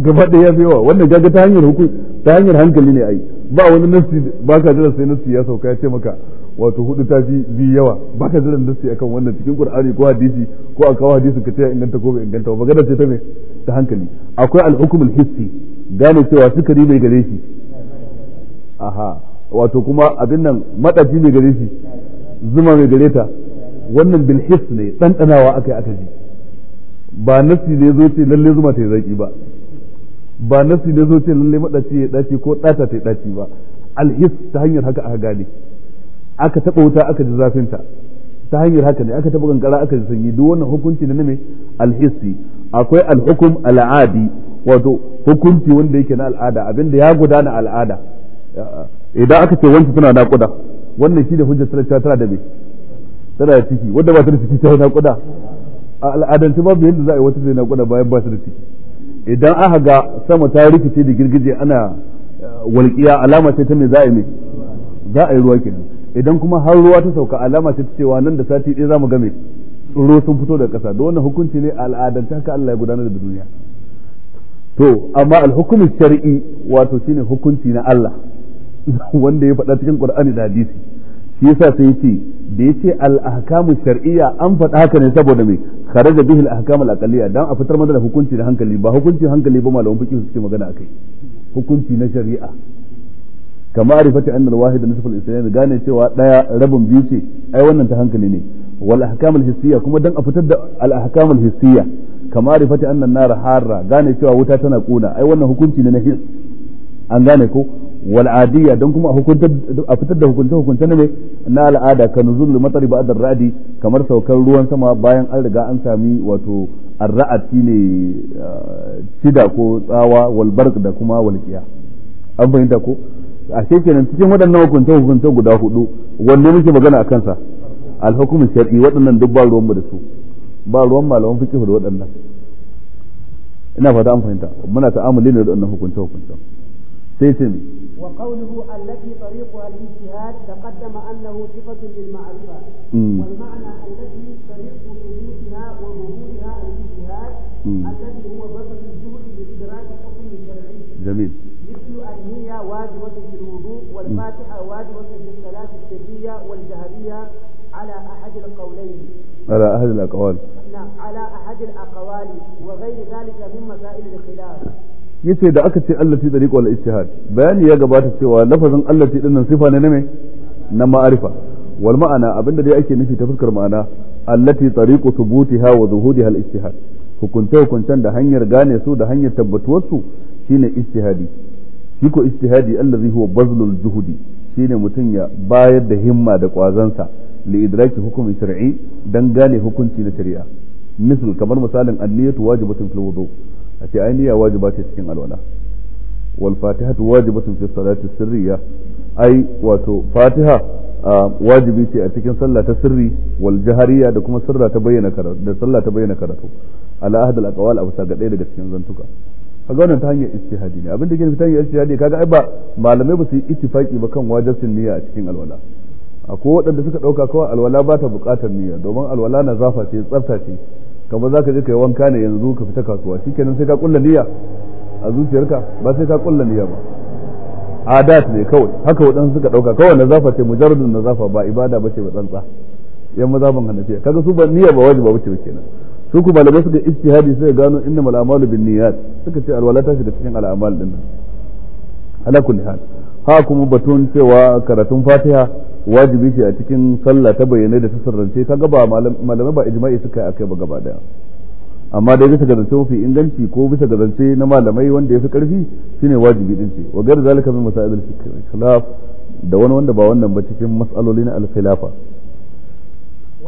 gaba ɗaya ya fi yawa wannan gaga ta hanyar hukun ta hanyar hankali ne ai ba wani nassi ba ka jira sai nassi ya sauka ya ce maka wato hudu ta fi biyu yawa ba ka jira nassi akan wannan cikin qur'ani ko hadisi ko a kawo hadisin ka ce ya inganta ko bai inganta ba magana ce ta me ta hankali akwai al al-hissi gane cewa sukari mai gare shi aha wato kuma abin nan madafi mai gare shi zuma mai gare ta wannan bilhis ne ɗanɗanawa aka yi aka ji ba nasi ne zo ce lalle zuma ta yi zaƙi ba ba nasi ne zo ce lalle maɗaci ya ɗaci ko ɗata ta yi ɗaci ba alhis ta hanyar haka aka gane aka taɓa wuta aka ji zafinta ta hanyar haka ne aka taɓa ƙanƙara aka ji sanyi duk wannan hukunci ne na me alhissi akwai alhukum al'adi wato hukunci wanda yake na al'ada abinda ya gudana al'ada idan aka ce wancan tana naƙuda wannan shi da hujjar tara da me tana da ciki wanda ba ta da ciki ta naƙuda a al'adance babu yadda za a yi wata da naƙuda bayan ba ta da ciki idan aka ga sama ta rikice da girgije ana eh, walƙiya alama ce ta me za a yi me za a yi ruwa kenan idan kuma har ruwa ta sauka alama ce ta cewa nan da sati ɗaya za mu ga me tsoro sun fito da ƙasa da wannan hukunci ne al'adance haka Allah ya gudanar da duniya to amma alhukumi shar'i wato shine hukunci na Allah [laughs] wanda ya faɗa cikin Qur'ani da hadisi shi yasa sai yace da yace al ahkamu shar'iyya an faɗa haka ne saboda me kharaja bihi al ahkam al don a fitar mana da hukunci da hankali ba hukunci hankali ba malaman fiqh suke magana akai hukunci na shari'a kama arifati anna al wahid nisf al islam gane cewa daya rabin biyu ce ai wannan ta hankali ne wal ahkam al hissiyya kuma dan a fitar da al ahkam al hissiyya kama arifati anna an nar harra gane cewa wuta tana kuna ai wannan hukunci ne na hiss an gane ko wal'adiyya don kuma a fitar da hukunce hukunce ne na al'ada ka nuzul matsari ba da ra'adi kamar saukar ruwan sama bayan an riga an sami wato arra'ad ne cida ko tsawa wal barq da kuma walƙiya an fahimta ko a kenan cikin waɗannan hukunce hukunce guda hudu wanne muke magana a kansa alhukumu shar'i waɗannan duk ba ruwan mu da su ba ruwan malaman fiqh da waɗannan ina fata an fahimta muna ta'amuli ne da waɗannan hukunce hukunce سيتم وقوله التي طريقها الاجتهاد تقدم أنه صفة للمعرفة والمعنى التي طريق ثبوتها وظهورها الاجتهاد الذي هو بذل الجهد لإدراك حكم شرعي جميل مثل النية واجبة في الوضوء والفاتحة واجبة في الصلاة السرية والجهرية على أحد القولين على أحد الأقوال نعم على أحد الأقوال وغير ذلك من مسائل الخلاف yace da aka ce allati tariqu wal ijtihad bayani ya gabata cewa lafazin allati din nan sifa ne na me na ma'arifa wal ma'ana abinda dai ake nufi ta fuskar ma'ana allati tariqu thubutiha wa zuhudiha al ijtihad hukunce hukuncen da hanyar gane su da hanyar tabbatuwar su shine ijtihadi shi ko ijtihadi allazi huwa bazlul juhudi shine mutum ya bayar da himma da kwazansa li idraki hukumi shar'i dan gane hukunci na shari'a misal kamar misalin an-niyyatu wajibatun fil wudu' a ce ai niyya wajiba ce cikin alwala wal fatihatu wajibatun fi salati sirriya ai wato fatiha wajibi ce a cikin sallah ta sirri wal jahariya da kuma sirra ta bayyana karatu da sallah ta bayyana karatu ala ahad al aqwal aw sa gadai daga cikin zantuka kaga wannan ta hanyar ijtihadi ne abinda gina ta hanyar ijtihadi kaga ai ba malamai ba su yi ittifaki ba kan wajibin niyya a cikin alwala akwai waɗanda suka ɗauka kawai alwala ba ta buƙatar niyya domin alwala na zafa ce tsafta ce kamar za ka je ka yi wanka ne yanzu ka fita kasuwa kenan sai ka kulla niyya a zuciyarka ba sai ka kulla niyya ba adat ne kawai haka waɗansu suka ɗauka kawai nazafa ce mujarradun nazafa ba ibada ba ce ba tsantsa yan mazhaban hanafiya kaga su ba niyya ba wajiba ba ce kenan su kuma malamai suka istihadi sai gano mal a'malu niyyat suka ce alwala ta da cikin al'amal din nan ala kulli hal ha kuma batun cewa karatun fatiha wajibi ce a cikin sallah ta bayyane da ta sirrance kaga ba malamai ba ijma'i suka akai ba gaba daya amma dai bisa ga mafi inganci ko bisa ga na malamai wanda ya fi karfi shine wajibi din ce wa gar zalika min masail khilaf da wani wanda ba wannan ba cikin mas'aloli na al-khilafa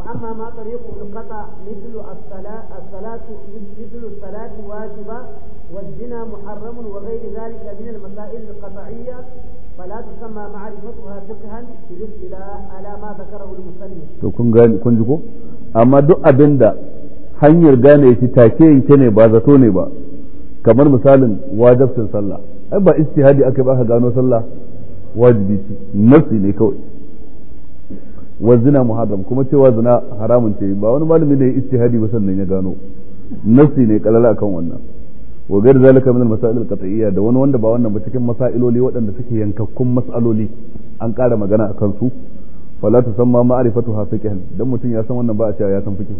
وأما ما طريق القطع مثل الصلاة الصلاة مثل الصلاة واجبة والزنا محرم وغير ذلك من المسائل القطعية فلا تسمى معرفتها فقها بالاصطلاح على ما ذكره المصنف to kun gani kun ji ko amma duk abinda hanyar gane shi take yake ne ba zato ne ba kamar misalin wajibcin sallah ai ba istihadi aka ba ka gano sallah wajibi ce nafsi ne kawai wa zina muharram kuma cewa zina haramun ce ba wani malami ne istihadi ba sannan ya gano nafsi ne kalala akan wannan wa gari zalika min al-masail al-qat'iyya da wani wanda ba wannan ba cikin masailoli waɗanda suke yankakkun masaloli an ƙara magana akan su fala tusamma ma'rifatuha fiqhan dan mutum ya san wannan ba a cewa ya san fiqh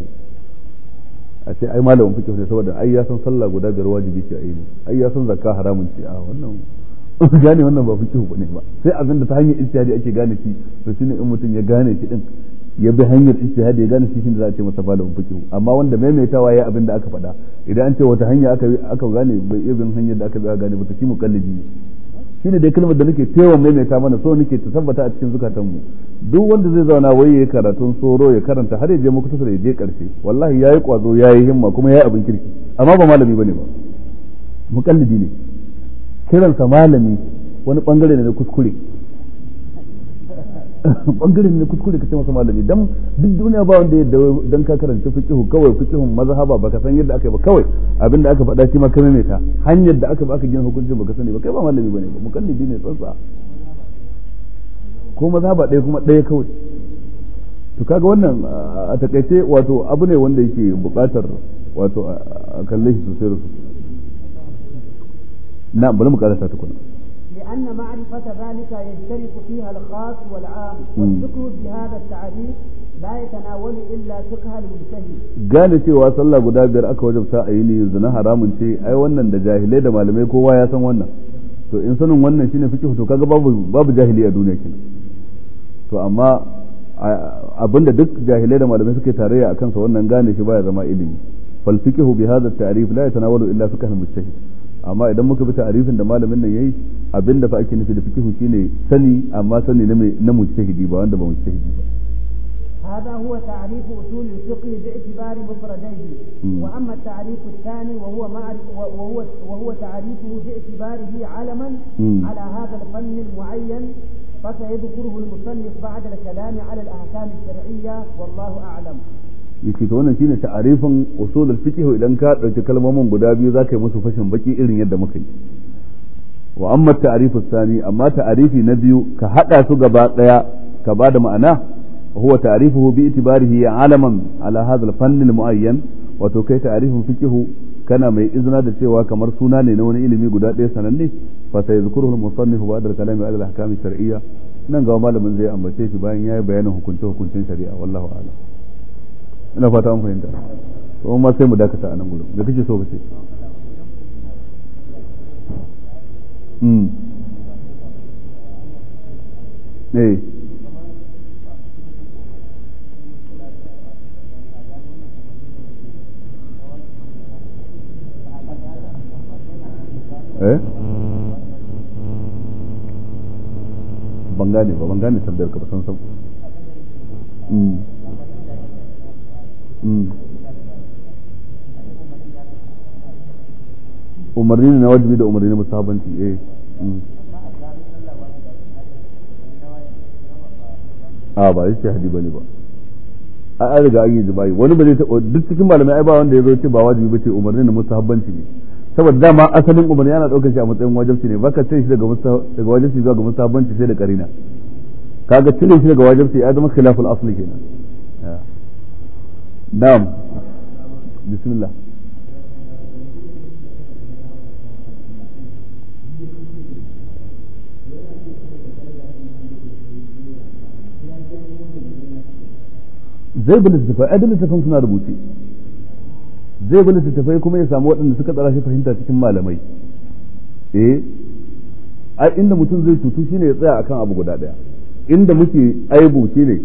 a ce ai malamin fiqh ne saboda ai ya san sallah guda biyar wajibi ce ai ne ai ya san zakka haramun ce a wannan gane wannan ba fiqh ne ba sai abinda ta hanyar ijtihadi ake gane shi to shine in mutum ya gane shi din ya bi hanyar ijtihad ya gane shi shine za a ce masa malamin fiqh amma wanda maimaitawa ya abin da aka faɗa idan an ce wata hanya aka aka gane bai iya bin hanyar da aka bi aka gane ba to shi muqallidi ne shine dai kalmar da nake tewa maimaita mana so nake ta tabbata a cikin zukatan mu duk wanda zai zauna wai ya karatun soro ya karanta har ya je muku tsare ya je karshe wallahi yayi kwazo yayi himma kuma yayi abin kirki amma ba malami bane ba muqallidi ne kiransa malami wani bangare ne na kuskure bangaren ne kuskure kace masa malami dan duk duniya ba wanda yadda dan ka karanta fiqhu kawai fiqhun mazhaba baka san yadda aka yi ba kawai abinda aka faɗa shi ma ka ne ta hanyar da aka baka gina hukuncin baka sani ba kai ba malami bane ba mukallidi ne tsantsa ko mazhaba ɗaya kuma ɗaya kawai to kaga wannan a takaice wato abu ne wanda yake buƙatar wato a kalle shi sosai da sosai na bari mu karanta tukuna وأن معرفة ذلك يشترك فيها الخاص والعام والذكر بهذا التعريف لا يتناول إلا فقه المجتهد قال شيء وصلى قدا بير أكا وجب سائلي حرام شيء أي سن to in sanin wannan shine fiqh to kaga babu babu jahili a duniya kenan to amma abinda duk jahilai da malamai suke tarayya akan sa wannan gane shi baya zama ilimi fal fiqh bi amma idan muka bi ta'arifin da malamin nan yayi abinda fa ake nufi da fikihu shine sani amma sani na na mujtahidi ba wanda ba mujtahidi ba هذا هو تعريف أصول الفقه باعتبار مفرديه وأما التعريف الثاني وهو وهو وهو تعريفه باعتباره علما على هذا الفن المعين فسيذكره المصنف بعد الكلام على الأحكام الشرعية والله أعلم yace to wannan shine ta'arifin usulul fiqh idan ka dauki kalmomin guda biyu zaka yi musu fashin baki irin yadda muka yi wa amma ta'arifu sani amma ta'arifi na biyu ka hada su gaba daya ka bada ma'ana huwa ta'arifuhu bi itibarihi alaman ala hadha al-fann al-mu'ayyan wato kai ta'arifin fiqh kana mai izina da cewa kamar suna ne na wani ilimi guda daya sananne fa sayadhkuruhu al-musannifu ba'da al-kalami al-ahkam al-shar'iyya nan ga malamin zai ambace shi bayan yayi bayanin hukunce hukuncin shari'a wallahu a'lam ina fata an fahimta to ma sai mu dakata a nan gudu da kake so kace mm eh eh ban gane ba ban gane tambayar ka ba san san hmm. Mm. umarni ne na wajibi da umarni na musabanci eh mm. a ba yace hadi ne ba a an riga an yi jima'i wani ba zai taɓa duk cikin malamai ai ba wanda ya zo ce ba wajibi ba ce umarni na musabanci ne saboda dama asalin umarni ana ɗaukar shi a matsayin wajibci ne baka cire shi daga daga wajibci zuwa ga musabanci sai da karina kaga cire shi daga wajibci ya zama khilaful asli kenan نعم بسم الله zai bi littattafai ai littattafan suna rubuce zai bi littattafai kuma ya samu waɗanda suka tsara shi fahimta cikin malamai eh ai inda mutum zai tutu shine ya tsaya akan abu guda daya inda muke aibu shine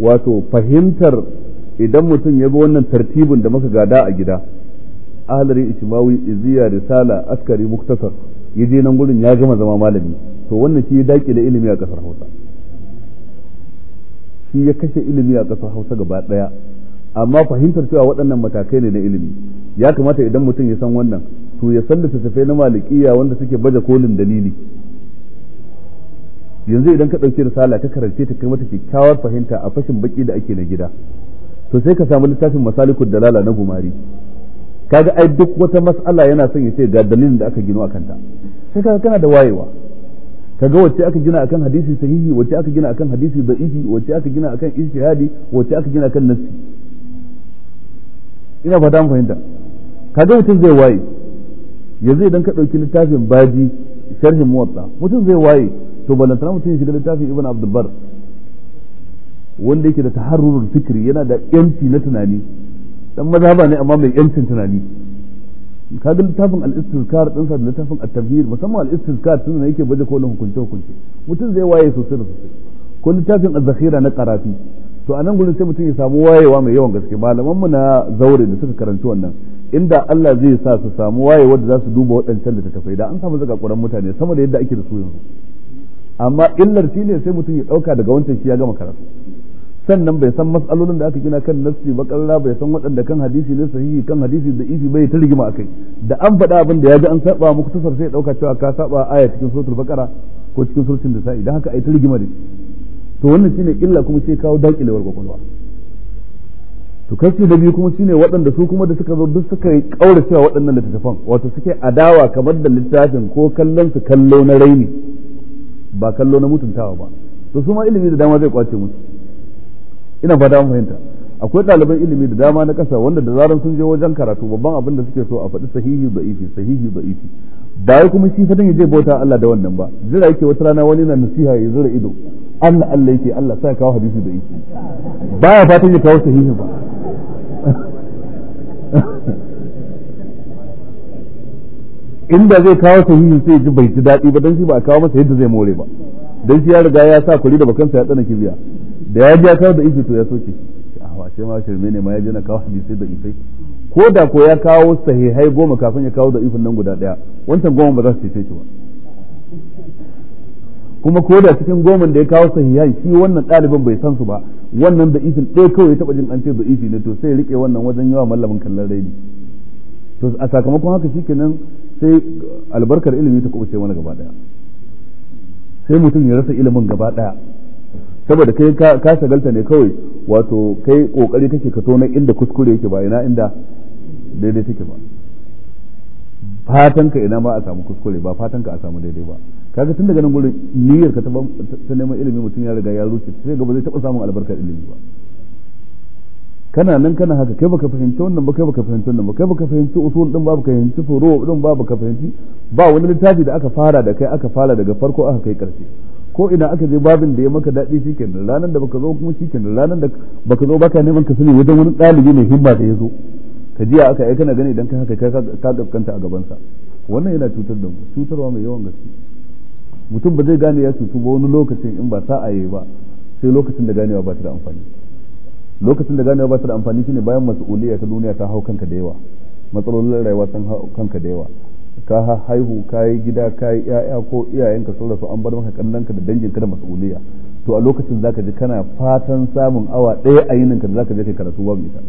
wato fahimtar idan mutum ya bi wannan tartibin da muka gada a gida ahlari ishmawi iziya risala askari muktasar ya je nan gurin ya gama zama malami to wannan shi ya dake da ilimi a kasar hausa shi ya kashe ilimi a ƙasar hausa gaba daya amma fahimtar cewa waɗannan matakai ne na ilimi ya kamata idan mutum ya san wannan to ya san tafai na malikiya wanda suke baje kolin dalili yanzu idan ka ɗauki risala ka karance ta kai mata kyakkyawar fahimta a fashin baki da ake na gida to sai ka samu littafin masalikul dalala na gumari kaga ai duk wata mas'ala yana son ya ce ga dalilin da aka gino akan ta sai kaga kana da wayewa kaga wacce aka gina akan hadisi sahihi wacce aka gina akan hadisi da'ifi wacce aka gina akan ijtihadi wacce aka gina akan nassi ina fata mu fahimta kaga mutum zai waye yanzu idan ka dauki littafin baji sharhin muwatta mutum zai waye to balantana mutum ya shiga littafin ibn abdul bar wanda yake da taharrurul fikri yana da yanci na tunani dan mazhaba ne amma mai yancin tunani kaga littafin al-istizkar din sa da littafin at-tabhir musamman al-istizkar tun ne yake baje kolin hukunce hukunce mutum zai waye sosai da sosai ko littafin az-zakhira na qarafi to anan gurin sai mutum ya samu wayewa mai yawan gaske malaman mu na zaure da suka karanci wannan inda Allah zai sa su samu wayewa da za su duba waɗancan littattafai da an samu ƙuran mutane sama da yadda ake da su yanzu amma illar shine sai mutum ya ɗauka daga wancan shi ya gama karatu sannan bai san mas'alolin da aka gina kan nassi ba bai san waɗanda kan hadisi ne sahihi kan hadisi da ifi bai ta rigima akai da an faɗa abin da ya ga an saba muku tasar sai ɗauka cewa ka saba aya cikin suratul baqara ko cikin suratul nisa idan haka ai ta rigima da shi to wannan shine illa kuma sai kawo dakilewar kwakwalwa to kashi da biyu kuma shine waɗanda su kuma da suka zo duk suka ƙaura cewa waɗannan littattafan wato suke adawa kamar da littafin ko kallon su kallo na raini ba kallo na mutuntawa ba to su ma ilimi da dama zai kwace musu ina fata an fahimta akwai ɗaliban ilimi da dama na ƙasa wanda da zaran sun je wajen karatu babban abin da suke so a faɗi sahihi ba ifi sahihi ba ifi ba kuma shi fatan ya je bauta Allah da wannan ba jira yake wata rana wani na nasiha ya zura ido Allah Allah yake Allah sa kawo hadisi da ifi baya fatan ya kawo sahihi ba [laughs] inda zai kawo sahihi sai ji bai ji daɗi ba dan shi ba a kawo masa yadda zai more ba dan shi ya riga ya sa kuri da bakansa ya tsana kibiya da ya ji ya kawo da ifi to ya soke a washe ma shirme ne ma ya je na kawo hadisai da ifai ko da ko ya kawo sahihai goma kafin ya kawo da ifin nan guda daya wancan goma ba za su cece shi ba kuma ko da cikin goma da ya kawo sahihai shi wannan ɗaliban bai san su ba wannan da ifin ɗaya kawai ya taɓa jin an ce da ifi ne to sai ya riƙe wannan wajen yawa mallamin kallon raini to a sakamakon haka shikenan sai albarkar ilimi ta kubuce mana gaba daya sai mutum ya rasa ilimin gaba daya saboda kai ka shagalta ne kawai wato kai kokari kake ka tona inda kuskure yake ba ina inda daidai take ba fatan ka ina ba a samu kuskure ba fatan ka a samu daidai ba kaga tun daga nan gurin niyyar ka ta neman ilimi mutum ya riga ya rushe sai ga ba zai taba samun albarkar ilimi ba kana nan kana haka kai baka fahimci wannan ba kai baka fahimci wannan ba kai baka fahimci usul din ba baka fahimci furu din ba baka fahimci ba wani littafi da aka fara da kai aka fara daga farko aka kai karshe ko ina aka je babin da ya maka daɗi shikenan ranar da baka zo kuma shikenan ranar da baka zo baka neman ka sani wajen wani ɗalibi mai himma da ya zo ka jiya aka yi kana gani idan ka haka ka gaskanta a gabansa wannan yana cutar da mu cutarwa mai yawan gaske mutum ba zai gane ya cutu ba wani lokacin in ba sa'a yi ba sai lokacin da ganewa ba ta da amfani lokacin da ganewa ba ta da amfani shine bayan mas'uliyya ta duniya ta hau kanka da yawa matsalolin rayuwa sun hau kanka da yawa ka haihu ka yi gida ka yi ƴaƴa ko iyayenka sun rasu an bar maka ka da danginka da mas'uliyya to a lokacin zaka ji kana fatan samun awa ɗaya a yininka da zaka je kai karatu wa ita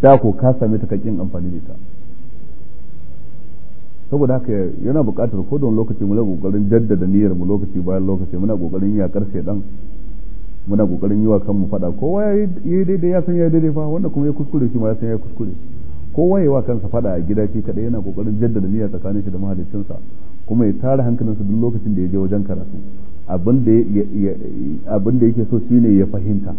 da ko ka same ta kakin amfani da ita saboda haka yana buƙatar ko don lokaci muna ƙoƙarin jaddada niyyar mu lokaci bayan lokaci muna kokarin yakar dan muna kokarin yi wa kanmu fada kowa ya yi daidai ya san ya yi daidai fa wanda kuma ya kuskure shi ma ya san ya kuskure kowa ya wa kansa fada a gida shi kadai yana kokarin jaddada niyya tsakanin shi da mahaliccinsa kuma ya tara hankalinsa duk lokacin da ya je wajen karatu abin da yake so shine ya fahimta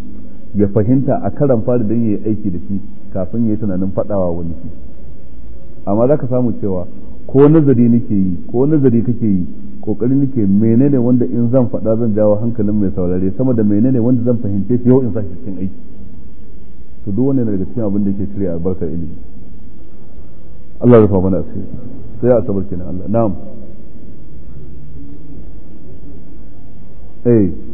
ya fahimta a karan fari don ya yi aiki da shi kafin ya yi tunanin fadawa wani shi amma za ka samu cewa ko nazari nake yi ko nazari kake yi kokari nake menene wanda in zan fada zan jawo hankalin mai saurare sama da menene wanda zan fahimce shi yau in sa cikin aiki to duk wannan daga cikin abin da yake shirya albarkar ilimi Allah rufa mana asiri sai a asabar kenan Allah na'am eh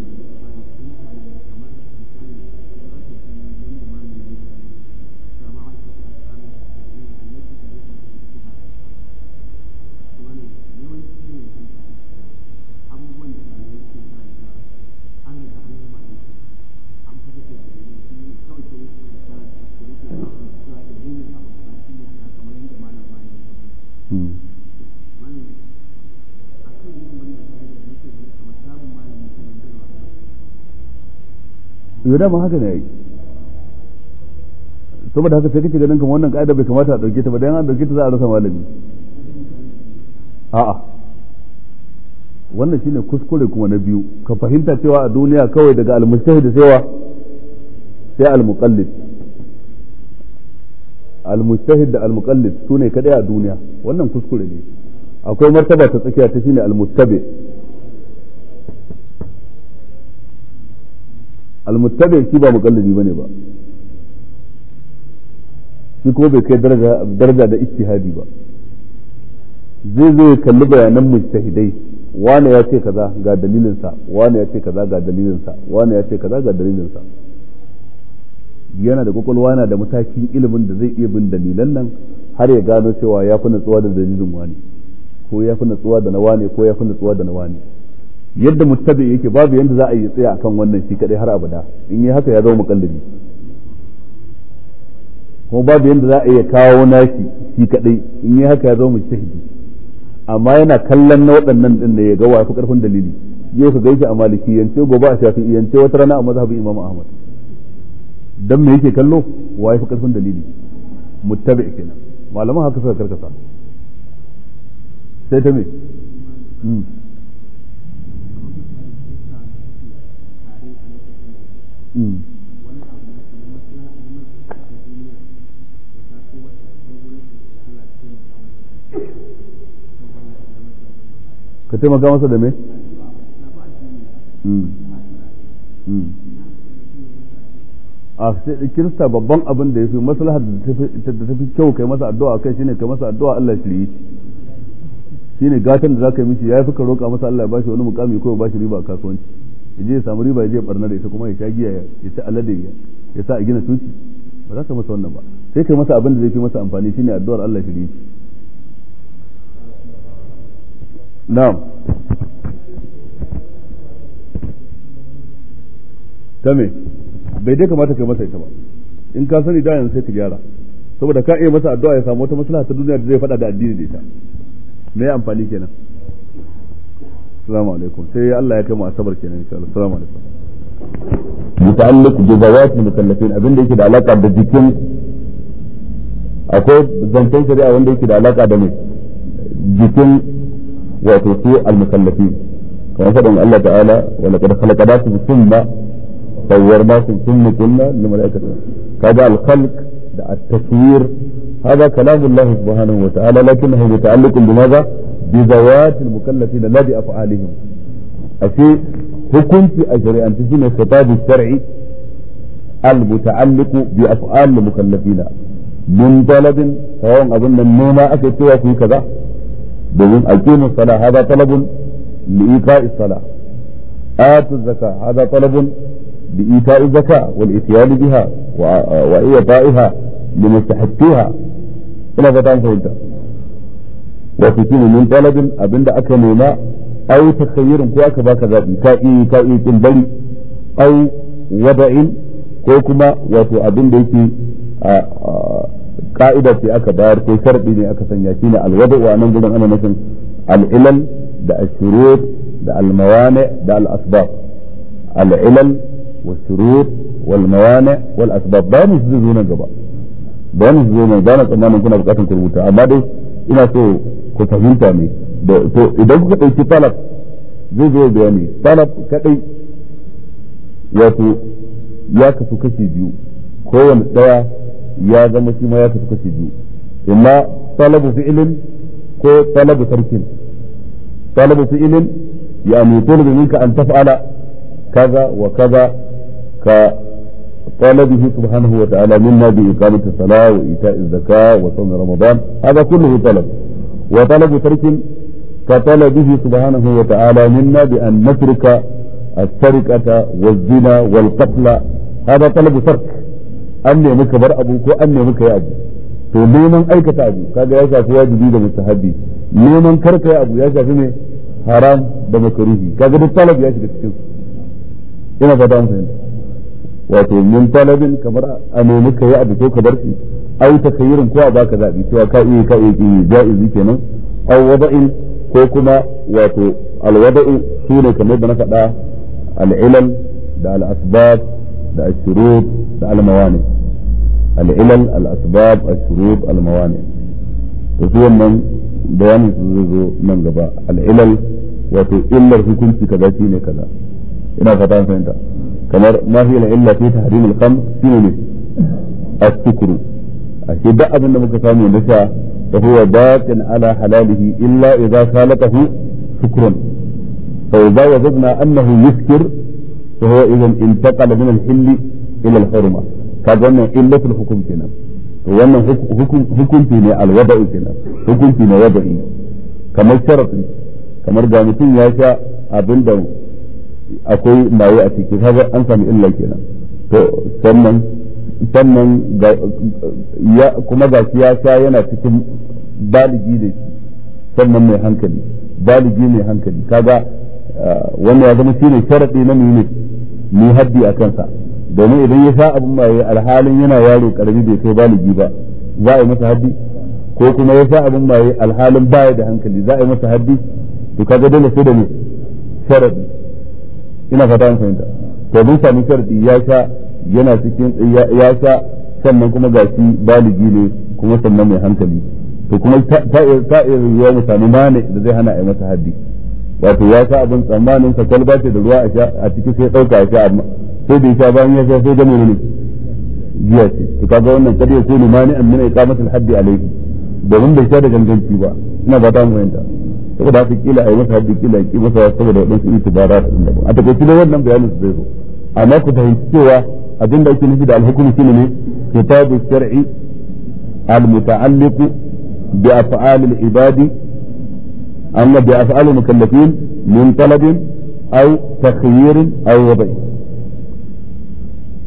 to dama haka ne yi saboda haka sai kake ganin kamar wannan ka'ida bai kamata a dauke ta ba dan an dauke ta za a rasa malami a'a wannan shine kuskure kuma na biyu ka fahimta cewa a duniya kawai daga al-mujtahid sai wa sai al-muqallid al da al-muqallid sune kadai a duniya wannan kuskure ne akwai martaba ta tsakiya ta shine al-muttabi' almuttabi shi ba mukallidi bane ba shi ko bai kai daraja da ijtihadi ba zai zo ya kalli bayanan mujtahidai wani ya ce kaza ga dalilinsa wani ya ce kaza ga dalilinsa wani ya ce kaza ga dalilinsa yana da kwakwalwa yana da matakin ilimin da zai iya bin dalilan nan har ya gano cewa ya fi natsuwa da dalilin wani ko ya fi natsuwa da na wani ko ya fi natsuwa da na wani. yadda mutabi yake babu yadda za a yi tsaya akan wannan shi kadai har abada in yi haka ya zama mukallabi kuma babu yadda za a iya kawo nashi shi kadai in yi haka ya zama mujtahidi amma yana kallon na waɗannan din da ya ga wa fi karfin dalili yau ka gaishe a maliki yance gobe a shafi yance wata rana a mazhabin imam ahmad dan me yake kallo wa ya fi karfin dalili mutabi kenan malaman haka suka karkasa sai ta me hmm. ka taimaka masa da me? Hmm. Hmm. a kirista babban abin da ya fi lahar da ta fi kyau kai masa addu'a kai shine kai masa addu'a Allah shi shine gatan da zaka yi mishi yafi ka roƙa masa Allah ya bashi wani mukami ko ya bashi riba a kasuwanci je ya samu riba yaje barna da ita kuma ya sha giya ya ci alade ya sa a gina tuki ba za ka masa wannan ba sai kai masa abin da zai fi masa amfani shine addu'ar Allah shi ne na'am ta me bai dai kamata kai masa ita ba in ka sani da yanzu sai ka gyara saboda ka iya masa addu'a ya samu wata maslaha ta duniya da zai faɗa da addini da ita me amfani kenan assalamu alaikum sai Allah ya kai mu asabar kenan insha Allah assalamu alaikum muta'alliq bi zawatil mukallafin da alaka da jikin akwai zancen shari'a wanda da alaka هذا كلام الله سبحانه وتعالى لكنه متعلق بماذا؟ بذوات المكلفين لا بافعالهم أفي حكمتي أجري أن تجينا الخطاب الشرعي المتعلق بأفعال المكلفين من طلب سواء أظن ما النوم سوى في كذا بدون أقيم الصلاة هذا طلب لإيقاء الصلاة آت الزكاة هذا طلب لإيتاء الزكاة والإتيان بها وإيطائها لمستحقيها إلى فتاة فهمتها wato shine min talabin abinda aka nema au takhayyurin ko aka baka zabi ka iya ka iya kin bari au wada'in ko kuma wato abin da yake ka'ida ce aka bayar ko sharadi ne aka sanya shi ne alwada wa nan gudan ana nufin al'ilal da ashurut da almawani da al'asbab al'ilal والشروط والموانع والاسباب بان su zo nan gaba bayan su zo nan ba na tsammanin kuna bukatun ku rubuta amma dai ina so ko fahimta ne to idan kuka ɗauki talab zai zo bayani talab kadai wato ya kasu kashi biyu kowane ɗaya ya zama shi ma ya kasu kashi biyu imma talabu fi'ilin ko talabu tarkin talabu fi'ilin يعني طلب منك wa تفعل كذا وكذا كطلبه سبحانه وتعالى منا بإقامة الصلاة وإيتاء الزكاة وصوم رمضان هذا كله طلب وطلب ترك كطلبه سبحانه وتعالى منا بأن نترك السرقة والزنا والقتل هذا طلب ترك an nemi ka bar abu ko an nemi ka yi abu to neman aikata abu kaga ya shafi wajibi da mustahabi neman kar ka yi abu ya shafi ne haram da makaruhi kaga duk talab ya shiga cikin ina fata an fahimta talabin kamar a nemi ka yi ko ka au takayyirin ko a baka zabi cewa ka iya ka iya ki jaizi kenan au wada'in ko kuma wato alwada'u shine kamar da faɗa al'ilal da al'asbab da ashurut da almawani al'ilal al'asbab ashurut almawani to su wannan bayanin su zai zo nan gaba al'ilal wato illar hukunci kaza shine kaza ina fata fahimta kamar illa fi tahrim al-khamr shine a shi duk abin da muka samu na sha fa huwa baqin ala halalihi illa idza khalaqahu shukran fa idza wajadna annahu yuskir fa huwa idan intaqala min al-hilli ila al-hurma kaga wannan illatul hukm kenan to wannan hukunci ne alwada'i kenan hukunci ne wada'i kamar sharafi kamar ga mutum ya sha abin da akwai maye a ciki kaga an samu illa kenan to sannan sannan kuma ga ya sha yana cikin baligi da shi sannan mai hankali baligi mai hankali kaga ah, wanda ya zama shi ne sharaɗi na mu ne haddi a kansa domin idan ya sha abin maye alhalin yana yaro karami bai kai baligi ba za a yi masa haddi ko kuma ya sha abin maye alhalin baya da hankali za a yi masa haddi to kaga dole sai da ne sharaɗi ina fata an fahimta to bin sami sharaɗi ya sha yana cikin ya sa sannan kuma gashi baligi ne kuma sannan mai hankali to kuma ta iya yiwuwa mu sami mane da zai hana a yi masa haddi wato ya sha abin tsammanin sa kwalba ce da ruwa a ciki sai ɗauka ya sha amma sai da ya sha bayan ya sha sai gane ne jiya ce to kaga wannan kada ya ko ne mani an mina iqamatul haddi laifi domin bai sha da ganganci ba ina ba ta mu fahimta saboda haka kila a yi masa haddi kila ki masa saboda wadansu itibara da daban a takaice wannan bayanin su zai zo amma ku fahimci cewa أبين دا يكون نفيد الحكم سنة كتاب الشرعي المتعلق بأفعال العباد أما بأفعال المكلفين من طلب أو تخيير أو وضع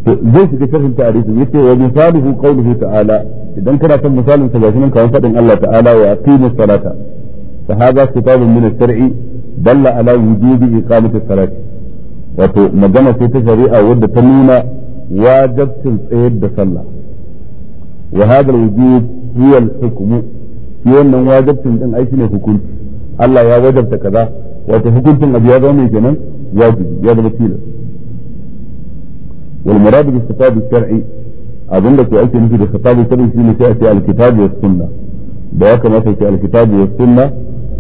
ليس كشرح تعريف يكي ومثاله قوله تعالى إذا كان أكثر مثال سجاسنا كما الله تعالى وأقيم الصلاة فهذا كتاب من الشرعي دل على وجود إقامة الصلاة وتو مجمع في تشريع ود تنمينا واجبتم تصيد بسلة وهذا الوجود هي الحكم في أن واجبتم أن أي شيء حكم الله يا وجبت كذا وتحكمتم أبي هذا من جنة واجب يا بطيلة والمراد بالخطاب الشرعي أظن لك أن في الخطاب الشرعي في نشأة الكتاب والسنة بواقع ما في الكتاب والسنة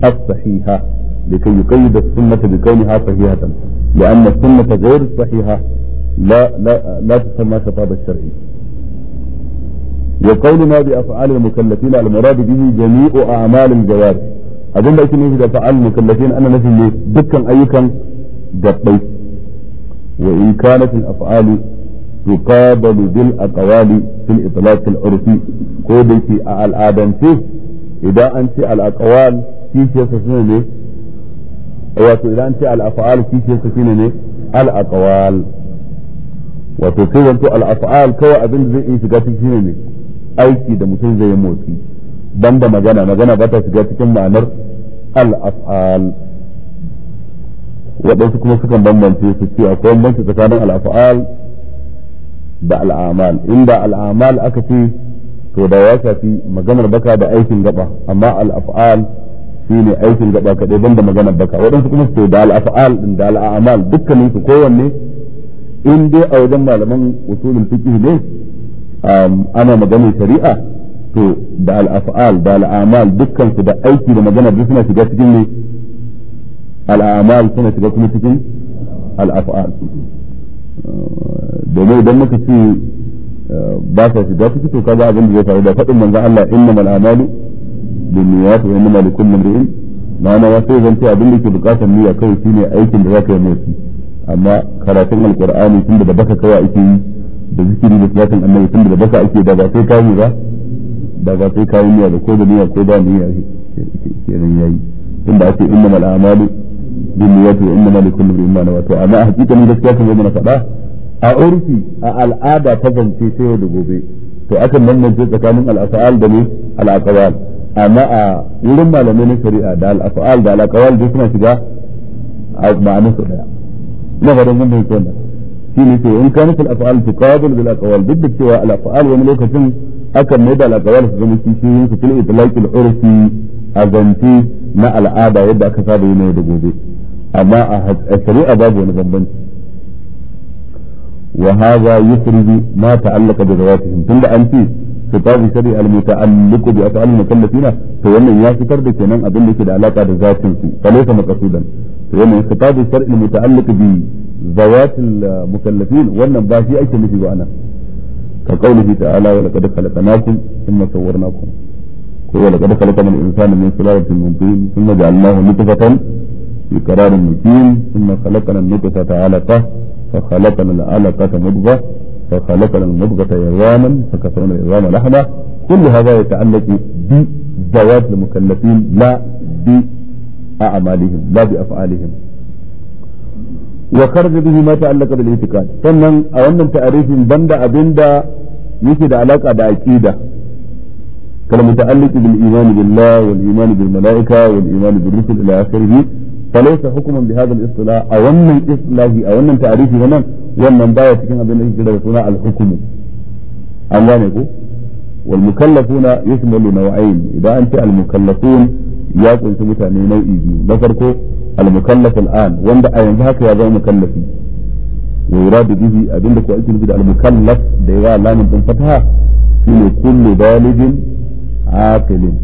الصحيحة لكي يقيد السنة بكونها صحيحة لأن السنة غير صحيحة لا لا لا تسمى كفافة الشرعي وقولنا بأفعال المكلفين المراد به جميع أعمال الجوارح abin da ake nufi da fa'al mukallafin ana nufin ne dukkan ayyukan gabbai wa in kanat al af'alu tuqabalu bil aqwali fil itlaq al urfi ko da ke a al'adance idan an ce al aqwal shi ke sasuna ne wato idan an ce al af'al shi ke sasuna ne al aqwal wato sai zanto al'af'al kawai abin da zai iya shiga cikin shine ne aiki da mutum zai yi motsi ban da magana magana ba ta shiga cikin ma'anar al'af'al waɗansu kuma sukan bambance su ce akwai bambanci tsakanin al'af'al da al'amal inda al'amal aka ce to da ya shafi maganar baka da aikin gaba amma al'af'al shine aikin gaba kaɗai ban da maganar baka waɗansu kuma su ce da al'af'al da al'amal dukkaninsu kowanne in dai a wajen malaman usulul fiqh ne um, ana maganar shari'a to da al-af'al da al-amal dukkan su da aiki da magana duk suna shiga cikin ne al-amal suna shiga kuma cikin al-af'al domin idan muka ce uh, ba sa shiga ciki to kaga abin da zai faru da faɗin manzon Allah innamal a'malu binniyat wa innamal likulli imrin ma'ana wasu zan ce abin da ke bukatar niyya kawai shine aikin da zaka yi motsi amma karatun alqur'ani tunda da baka kawai ake yi da zikiri da salatin annabi tunda da baka ake da ba sai ka yi ba da ba sai ka yi niyya da ko da niyya ko da niyya kenan yayi tunda ake innamal a'malu binniyati wa innamal likulli imrin ma nawa to amma hakikanin gaskiya kan zama na faɗa a urfi a al'ada ta zance ta yau da gobe to akan bambance tsakanin al'afa'al da ne al'aqwal amma a wurin malamai na shari'a da al'afa'al da al'aqwal duk suna shiga a ma'anar su daya na faɗin mun bai kona shi ne ce in kana fil af'al tuqabil bil aqwal duk da cewa al wani lokacin akan mai da al aqwal su zama kishiyoyin su fil itlaqil urfi a zance na al'ada yadda aka saba yi yau da gobe amma a shari'a babu wani bambanci wa hadha yufridu ma ta'allaqa bi zawatihim tunda an ce kitab shari'a al-muta'alliq bi af'al mukallafina to wannan ya fitar da kenan abin da yake da alaka da zafin su fa laysa maqsudan يعني الخطاب الشرعي المتعلق بذوات المكلفين وأن باشي شيء نفي وأنا كقوله تعالى ولقد خلقناكم ثم صورناكم ولقد خلقنا الإنسان من سلالة من طين ثم جعلناه نطفة في قرار مكين ثم خلقنا النطفة علقة فخلقنا العلقة مضغة فخلقنا المضغة عظاما فكسرنا العظام لحمة كل هذا يتعلق بذوات المكلفين لا ب أعمالهم لا بأفعالهم وخرج به ما تعلق بالاعتقاد sannan a wannan ta'arifin banda abinda yake da alaka da aqida kal muta'alliq bil iman billah wal iman bil malaika wal iman bil rusul ila akhirih falaysa hukman bi hadha al istilah a wannan istilahi a wannan ta'arifi wannan wannan baya cikin abin da yake da suna al hukmu an gane ko wal mukallafuna yashmalu naw'ain idan anta al mukallafun ya kunshi mutane nau'i biyu na farko al-mukallaf al-an wanda a yanzu haka ya zama mukallafi wa yuradu bihi abinda ko ake nufi da al-mukallaf da ya lamun din fataha shine kullu baligin aqilin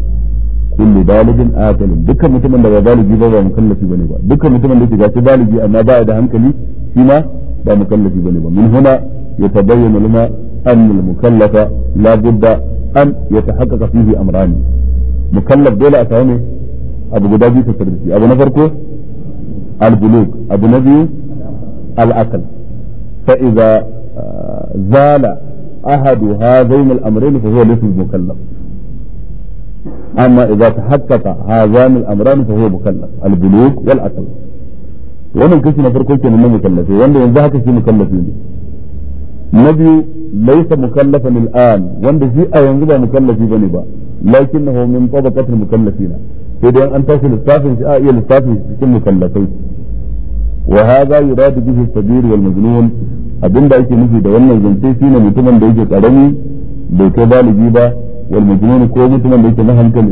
kullu baligin aqilin dukkan mutumin da ba baligi ba ba mukallafi bane ba dukkan mutumin da yake gashi baligi amma ba da hankali shi ma ba mukallafi bane ba min huna yatabayyana lana أن المكلف لا بد أن يتحقق فيه أمران mukallaf dole a samu abu guda biyu tattare da shi abu na farko al-bulug abu na biyu al-akal fa idza zala ahadu hadhain al-amrayn fa huwa laysa mukallaf amma idza tahaqqaqa hadhain al-amran fa huwa mukallaf al-bulug wal-akal wannan kashi na farko kenan na mukallafi wanda yanzu haka shi mukallafi ne na biyu laysa mukallafan al-an wanda shi a yanzu ba mukallafi bane ba لكنه من طبقة المكلفين إذا أن تصل الثافن في آية الثافن في مكلفين وهذا يراد به الصغير والمجنون أبن بأيك نفي دولنا الجنسيسين متمن بأيك قرمي بيك بالجيبا والمجنون كو متمن بأيك نهنكل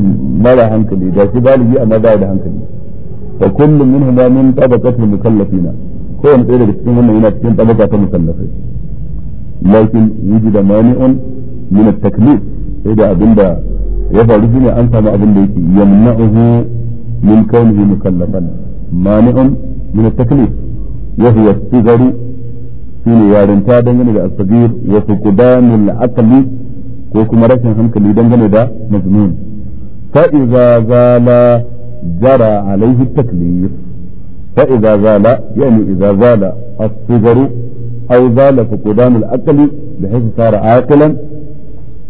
ما لا هنكل إذا كبالي جيئا ما بعد هنكل فكل منهما من طبقة المكلفين كون إلى الاسم هنا هنا تكون طبقة المكلفين لكن يجد مانع من التكليف إذا أبن بأيك ya faru shine an samu abin da yake yamna'uhu min kaunihi mukallafan mani'un min at-taklif wa huwa as-sigaru shine yarinta dangane da as-sagir wa fuqdanul aqli ko kuma rashin hankali dangane da majnun fa idza zala jara alaihi at-taklif fa idza zala yani idza zala as-sigaru أو زال فقدان الأكل بحيث صار عاقلا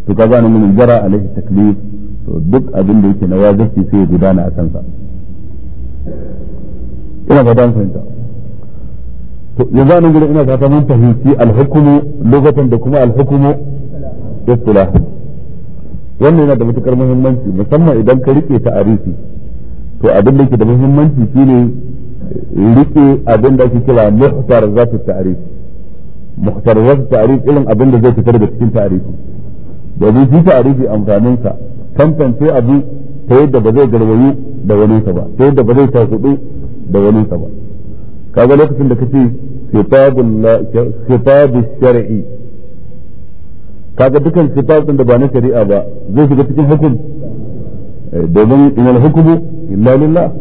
فكذا من جرى عليه التكليف to duk abin da yake na wajibi sai ya gudana a kansa ina ba dan fahimta to yanzu nan gurin ina fata mun fahimci al'hukumu lokacin da kuma al'hukumu hukmu istilah wannan yana da matukar muhimmanci musamman idan ka rike ta arifi to abin da yake da muhimmanci shine rike abin da ake kira muhtar zatu ta'rif muhtar zatu ta'rif irin abin da zai fitar da cikin ta'rifi domin shi ta'rifi amfanin sa tantance abu ta yadda ba zai garwayu da wani ta ba ta yadda ba zai takudu da wani ta ba kaga lokacin da kace kitabu shar'i kaga dukan kitabun da ba na shari'a ba zai shiga cikin hukum eh, domin inal hukumu illa lillah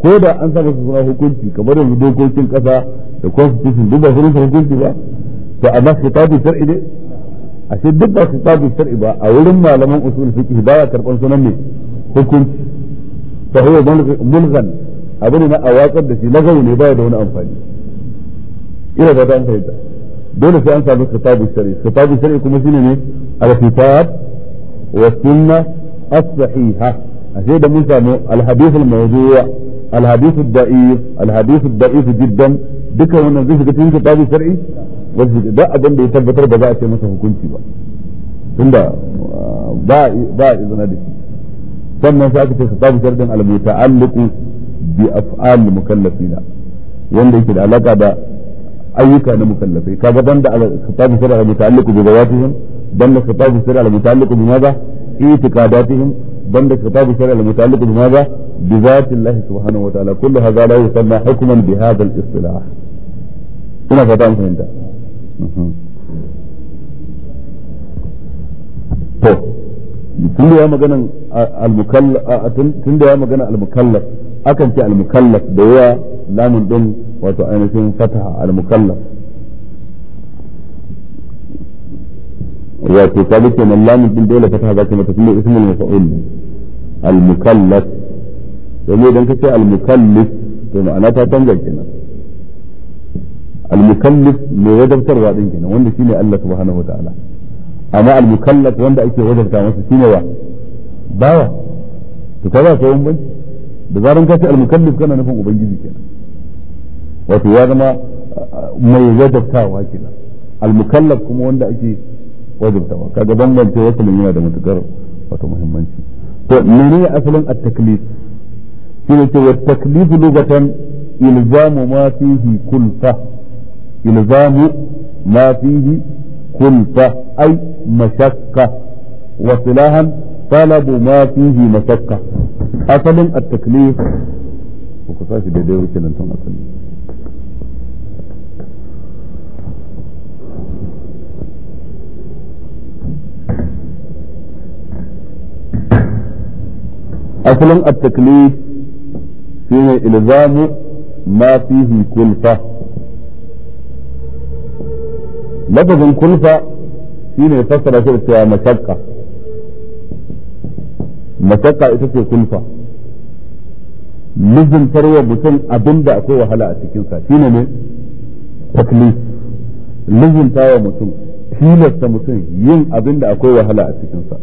ko da an saka su suna hukunci kamar yanzu dokokin kasa da constitution duk ba su hukunci ba to amma kitabu shar'i ne ashe duk ba su tsabi shar'i ba a wurin malaman usul fiqh baya karban sunan ne hukunci fa huwa mulghan abin ne na a watsar da shi lagawo ne baya da wani amfani ina ba ta an fahimta dole sai an samu kitabu shar'i kitabu shar'i kuma shine ne al-kitab wa sunna as-sahiha ashe da mun samu al-hadith al mawdua al-hadith al daif al-hadith al daif jiddan duka wannan zai shiga cikin kitabu shar'i wajibi da abin da ya tabbatar ba za a ce masa hukunci ba tunda ba ba izina da shi sannan sai aka ce sabab sharadin al-muta'alliqu bi af'al mukallafina wanda yake da alaka da ayyuka na mukallafai kaga dan da kitabu al muta'alliqu bi zawatihim dan da kitabu al muta'alliqu bi madha i'tiqadatihim dan da kitabu al muta'alliqu bi madha bi zati Allah subhanahu wa ta'ala kullu hadha la yusamma hukman bi hadha al-istilah ina fata mun fahimta to tun da ya magana al-mukallaf tun da ya magana al-mukallaf akan ce al-mukallaf da ya lamun din wato ainihin fataha al-mukallaf wato sabi ke nan lamun din dole fataha zaka mata kuma ismul mafa'ul al-mukallaf yanzu idan ka ce al-mukallaf to ma'ana ta canza kenan al-mukallif mai wajabtarwa din kenan wanda shine Allah subhanahu wataala amma almukallaf wanda ake wajabta masa shine wa bawa to kaza ko banci da zaran ka ce al-mukallif kana nufin ubangiji kenan wato ya zama uh, mai wajabtawa kenan almukallaf kuma wanda ake wajabtawa kaga bambance wasalin yana da matukar wato muhimmanci to menene asalin at-taklif shine ce wa taklifu lugatan ilzamu ma fihi kulfa إلزام ما فيه كلفة أي مشقة وصلاها طلب ما فيه مشقة أصل التكليف وكساش أصل التكليف فيه إلزام ما فيه كلفة lafazin kulfa shine fassara shi da cewa mashakka mashakka ita ce kulfa lizantarwa mutum abinda akwai wahala a cikinsa shi ne ne taklif lizantawa mutum tilasta mutum yin abinda akwai wahala a cikinsa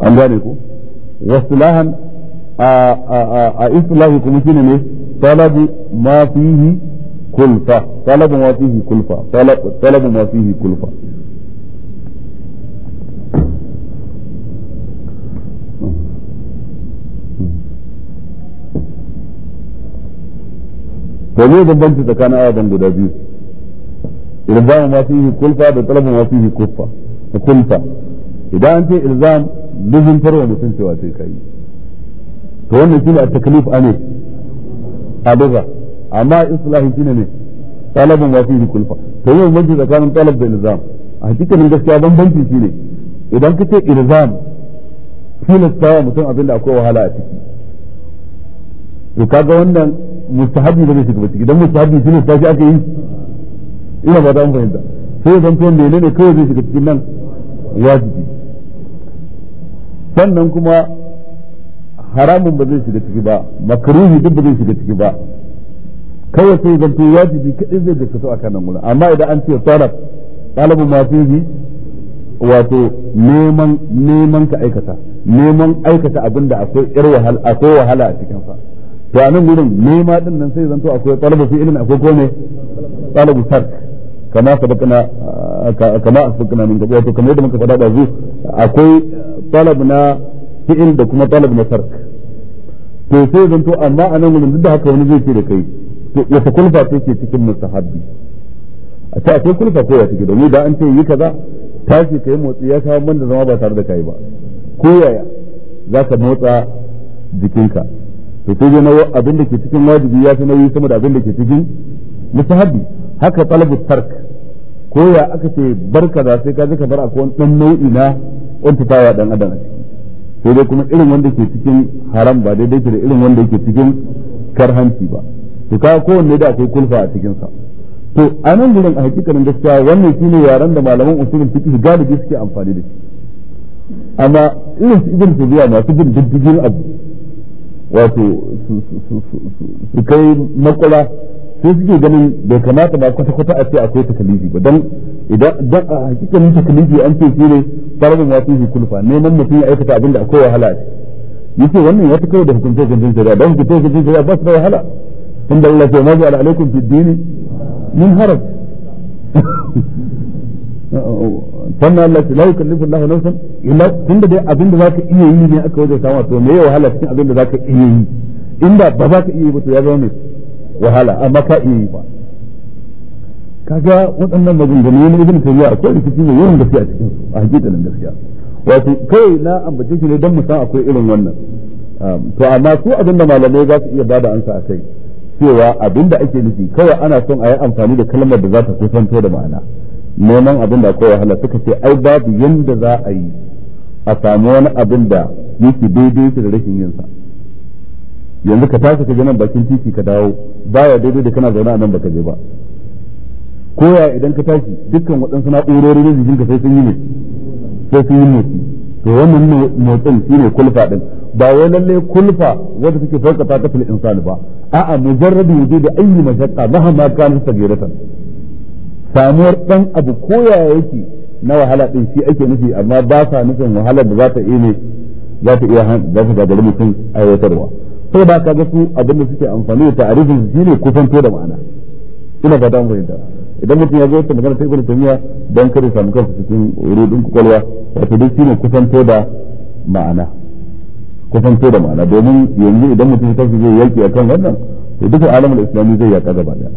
an gane ku wasilahan a islahi kuma shi ne ne talabu ma fihi كلفة طلب ما فيه كلفة طلب, طلب ما فيه كلفة ce ilzam luzun to wannan taklif amma islahi shine ne talabun wa fihi kulfa to yau banci tsakanin talab da ilzam a hakikanin gaskiya bambanci shine idan ka ce ilzam tilastawa mutum abinda akwai wahala a ciki to kaga wannan mustahabi ba zai shiga ba ciki dan mustahabi tilasta shi ake yi ina ba ta fahimta sai zan to ne kawai zai shiga cikin nan wajibi sannan kuma haramun ba zai shiga ciki ba makaruhi duk ba zai shiga ciki ba kawai sai zanto wajibi kadai zai gaskato a nan gurin amma idan an ce talab talabu ma fihi wato neman neman ka aikata neman aikata abinda akwai ir wahala akwai wahala a cikin sa to a nan gurin nema din nan sai zanto akwai talabu fi ilmin akwai ko ne talabu tark kama sabakana kama sabakana min gaba wato kamar yadda muka faɗa da zu akwai talab na fi'il da kuma talab na tark to sai zanto amma a nan gurin duk da haka wani zai ce da kai wata kulfa ce ke cikin mustahabbi a ce akwai kulfa ko ya da ni da an ce yi kaza tashi yi motsi ya kawo da zama ba tare da kayi ba ko yaya za ka motsa jikinka to sai dai nawa abin da ke cikin wajibi ya fi nauyi sama da abin da ke cikin mustahabbi haka talabu tark ko ya aka ce barka da sai ka ji ka bar akwai wani dan nau'i na untutawa dan adam a ciki sai dai kuma irin wanda ke cikin haram ba daidai ke da irin wanda ke cikin karhanci ba to ka kowanne da akwai kulfa a cikin sa to a nan gurin a hakikanin gaskiya wannan shine yaren da malaman usulun fiqh galibi suke amfani da shi amma irin su ibn tabiya masu bin diddigin abu wato su kai makwala sai suke ganin bai kamata ba kwata-kwata a ce akwai takalifi ba don idan a hakikanin takalifi an ce shine farabin wasu yi kulfa neman mutum ya aikata abinda akwai wahala ce yace wannan ya fi kawai da hukunce hukuncin shari'a don hukunce hukuncin shari'a ba su da wahala inda Allah ce mazu alaikum fi dini min haraj sannan Allah ce la yukallifu Allah nafsan illa tunda dai abin da zaka iya yi ne aka wajen sama to me ya wahala cikin abin da ka iya yi inda ba za ka iya yi ba to ya zama mai wahala amma ka iya yi ba kaga waɗannan maganganu ne ibn tayyiba akwai rikici ne yawan gaskiya a cikin a hakikanin gaskiya wato kai na ambace shi ne don mu san akwai irin wannan to amma su abinda malamai za su iya bada ansa a kai cewa abin da ake nufi kawai ana son a yi amfani da kalmar da za ta kusanto da ma'ana neman abin da akwai wahala suka ce ai babu yadda za a yi a samu wani abin da yake daidai da rashin yin sa yanzu ka tashi ka je nan bakin titi ka dawo baya daidai da kana zaune a nan baka je ba koya idan ka tashi dukkan waɗansu na'urori na jikinka sai sun yi ne sai sun yi motsi to wannan motsin shine kulfa din ba wai lalle kulfa wanda take fauka ta kafin insani ba a'a mujarrad wujud ayyi mashaqqa mahama kanat sagiratan samuwar dan abu koya yake na wahala din shi ake nufi amma ba sa nufin wahala da za ta iya ne za ta iya za ta gagari mutum aiwatarwa sai ba ka su abin da suke amfani da ta'arifin su shine kusanto da ma'ana ina fata mun fahimta idan mutum ya zo ta magana ta ibnu dan kare samu kansa cikin rudin kwakwalwa wato duk shine kusanto da ma'ana kusanto da ma'ana domin yanzu idan mutum ya su zai yaki akan wannan to duka da islami zai yaƙa gaba ɗaya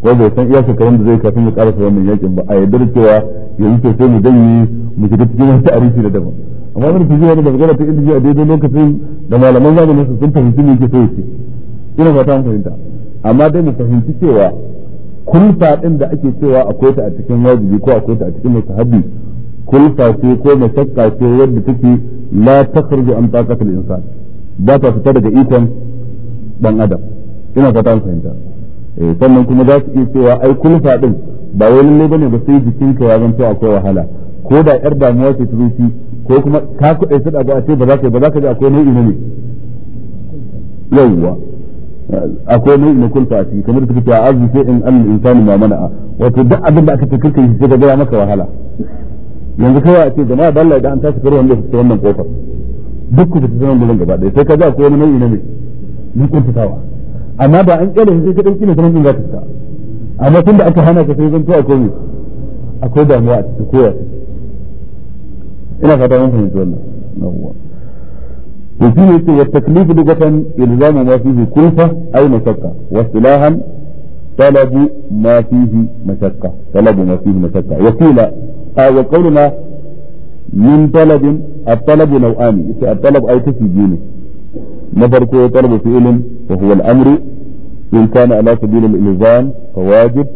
ko bai san iya shekarun da zai kafin ya karasa wannan yaƙin ba a yadda cewa yanzu to sai mu yi mu shiga cikin wasu arifi da daban amma mun fiye wani bazgara ta inda a daidai lokacin da malaman zamanin su sun fahimci me yake so yake ina fata mu fahimta amma dai mu fahimci cewa kulfa ɗin da ake cewa akwai ta a cikin wajibi ko akwai ta a cikin mustahabi kulfa ce ko mashakka ce yadda take la takhruju an taqatil insan ba ta fita daga ikon dan adam ina fata an fahimta eh, sannan kuma za su iya cewa ai kulfa din ba wai lalle bane ba sai jikinka ya zanto akwai wahala ko da yar damuwa ce ta zuci ko kuma ka kuɗe su da a ce ba za ka ba za ka ji akwai nau'i ne yawwa akwai nau'i na kulfa a ciki kamar da kake cewa azu sai in an insani ma mana'a wato duk abin da aka ce kirkin shi sai ga maka wahala yanzu kawai a ce da da balla idan an tashi karwan zai fita wannan kofar duk ku fita nan gurin gaba ɗaya sai ka ga ko wani nau'i na ne ni kun fitawa amma ba an kyale sai ka ne sanan za ka fita amma tunda aka hana ka sai zanto akwai ne akwai damuwa a cikin kowa ina fata mun fahimci wannan yawwa to shine yake wa taklifu lugatan ilzamu أو قولنا من طلب الطلب نوعان الطلب أي تسجينه نفرقه طلب علم وهو الأمر إن كان على سبيل الإلزام فواجب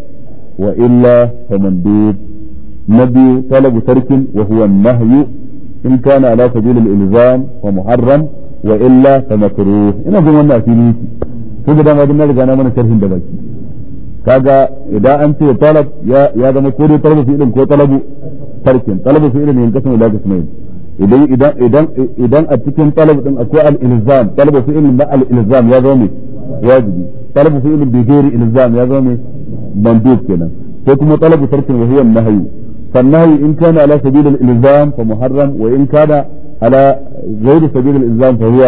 وإلا فمندوب نبي طلب ترك وهو النهي إن كان على سبيل الإلزام فمحرم وإلا فمكروه إن جمعنا في نيتي كل ما أنا من شرح دبي كذا إذا أنت طلب يا يا ما مكروه طلب في علم كو طلبوا farkin talabu fi fi'ilin yankasin ila qismayn idan idan idan idan a cikin talabu din akwai al-ilzam talabu fi ilmi ba al-ilzam ya zama wajibi talabu fi'ilin bi ghairi ilzam ya zama mandub kenan ko kuma talabu tarkin wa hiya nahyi in kana ala sabil فالنهي إن كان على سبيل الإلزام فمحرم وإن كان على غير سبيل الإلزام فهو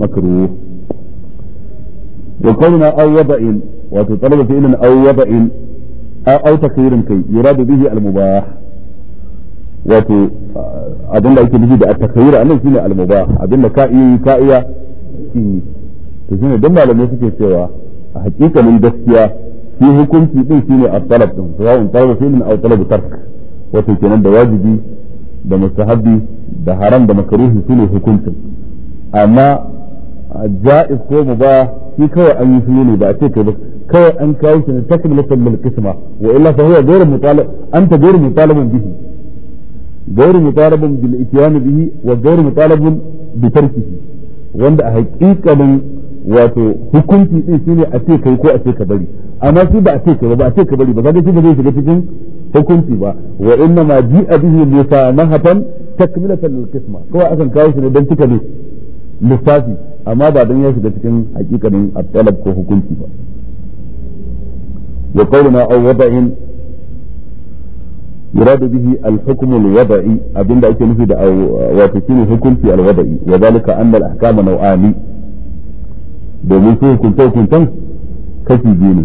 مكروه وقولنا أو وضع وتطلب فعل أو وضع أو تقرير كي يراد به المباح wato abin da ake nufi da at a nan shine al abin da ka iya ka iya shine to shine dan malamai suke cewa a hakikanin gaskiya shi hukunci din shine at-talab din sawa'un talab fi'lin aw talab tark wato kenan da wajibi da mustahabbi da haram da makruhi sune hukuncin amma ja'iz ko mubah shi kawai an yi shi ne ba a ce kai ba kawai an kawo shi ne takmilatan lil qisma wa illa fa huwa ghayr mutalab anta ghayr mutalabun bihi غير مطالب بالاتيان به وغير مطالب بتركه wanda a hakikalin wato hukunci din shine a ce kai ko a ce ka bari amma shi ba a ce kai ba a ce ka bari ba kaga shi ba zai shiga cikin hukunci ba wa inna ma ji'a bihi musamahatan takmilatan lil qisma kawai akan kawo shi ne dan cika ne lissafi amma ba dan ya shiga cikin hakikalin at ko hukunci ba wa qawluna aw wada'in يراد به الحكم الوضعي أبين دعيك نفيد أو واتسين الحكم في الوضعي وذلك أن الأحكام نوعان دومين فيه كنتو كنتم كفي جيني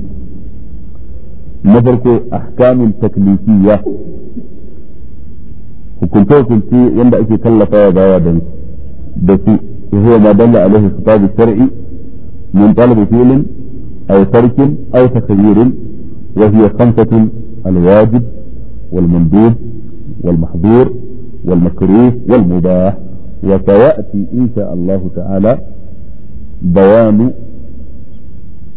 نفرك أحكام تكليفية وكنتو كنتي يندع في كل طاوة دعوة دعوة بس هو ما دل عليه الخطاب الشرعي من طلب فعل أو ترك أو تخيير وهي خمسة الواجب والمندوب والمحظور والمكروه والمباح وسيأتي إن شاء الله تعالى بيان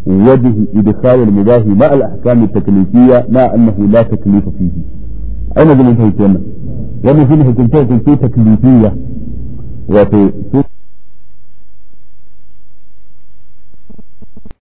وجه إدخال المباح مع الأحكام التكليفية مع أنه لا تكليف فيه أين ذلك هيتنا؟ يعني في هيتنا تكليفية وفي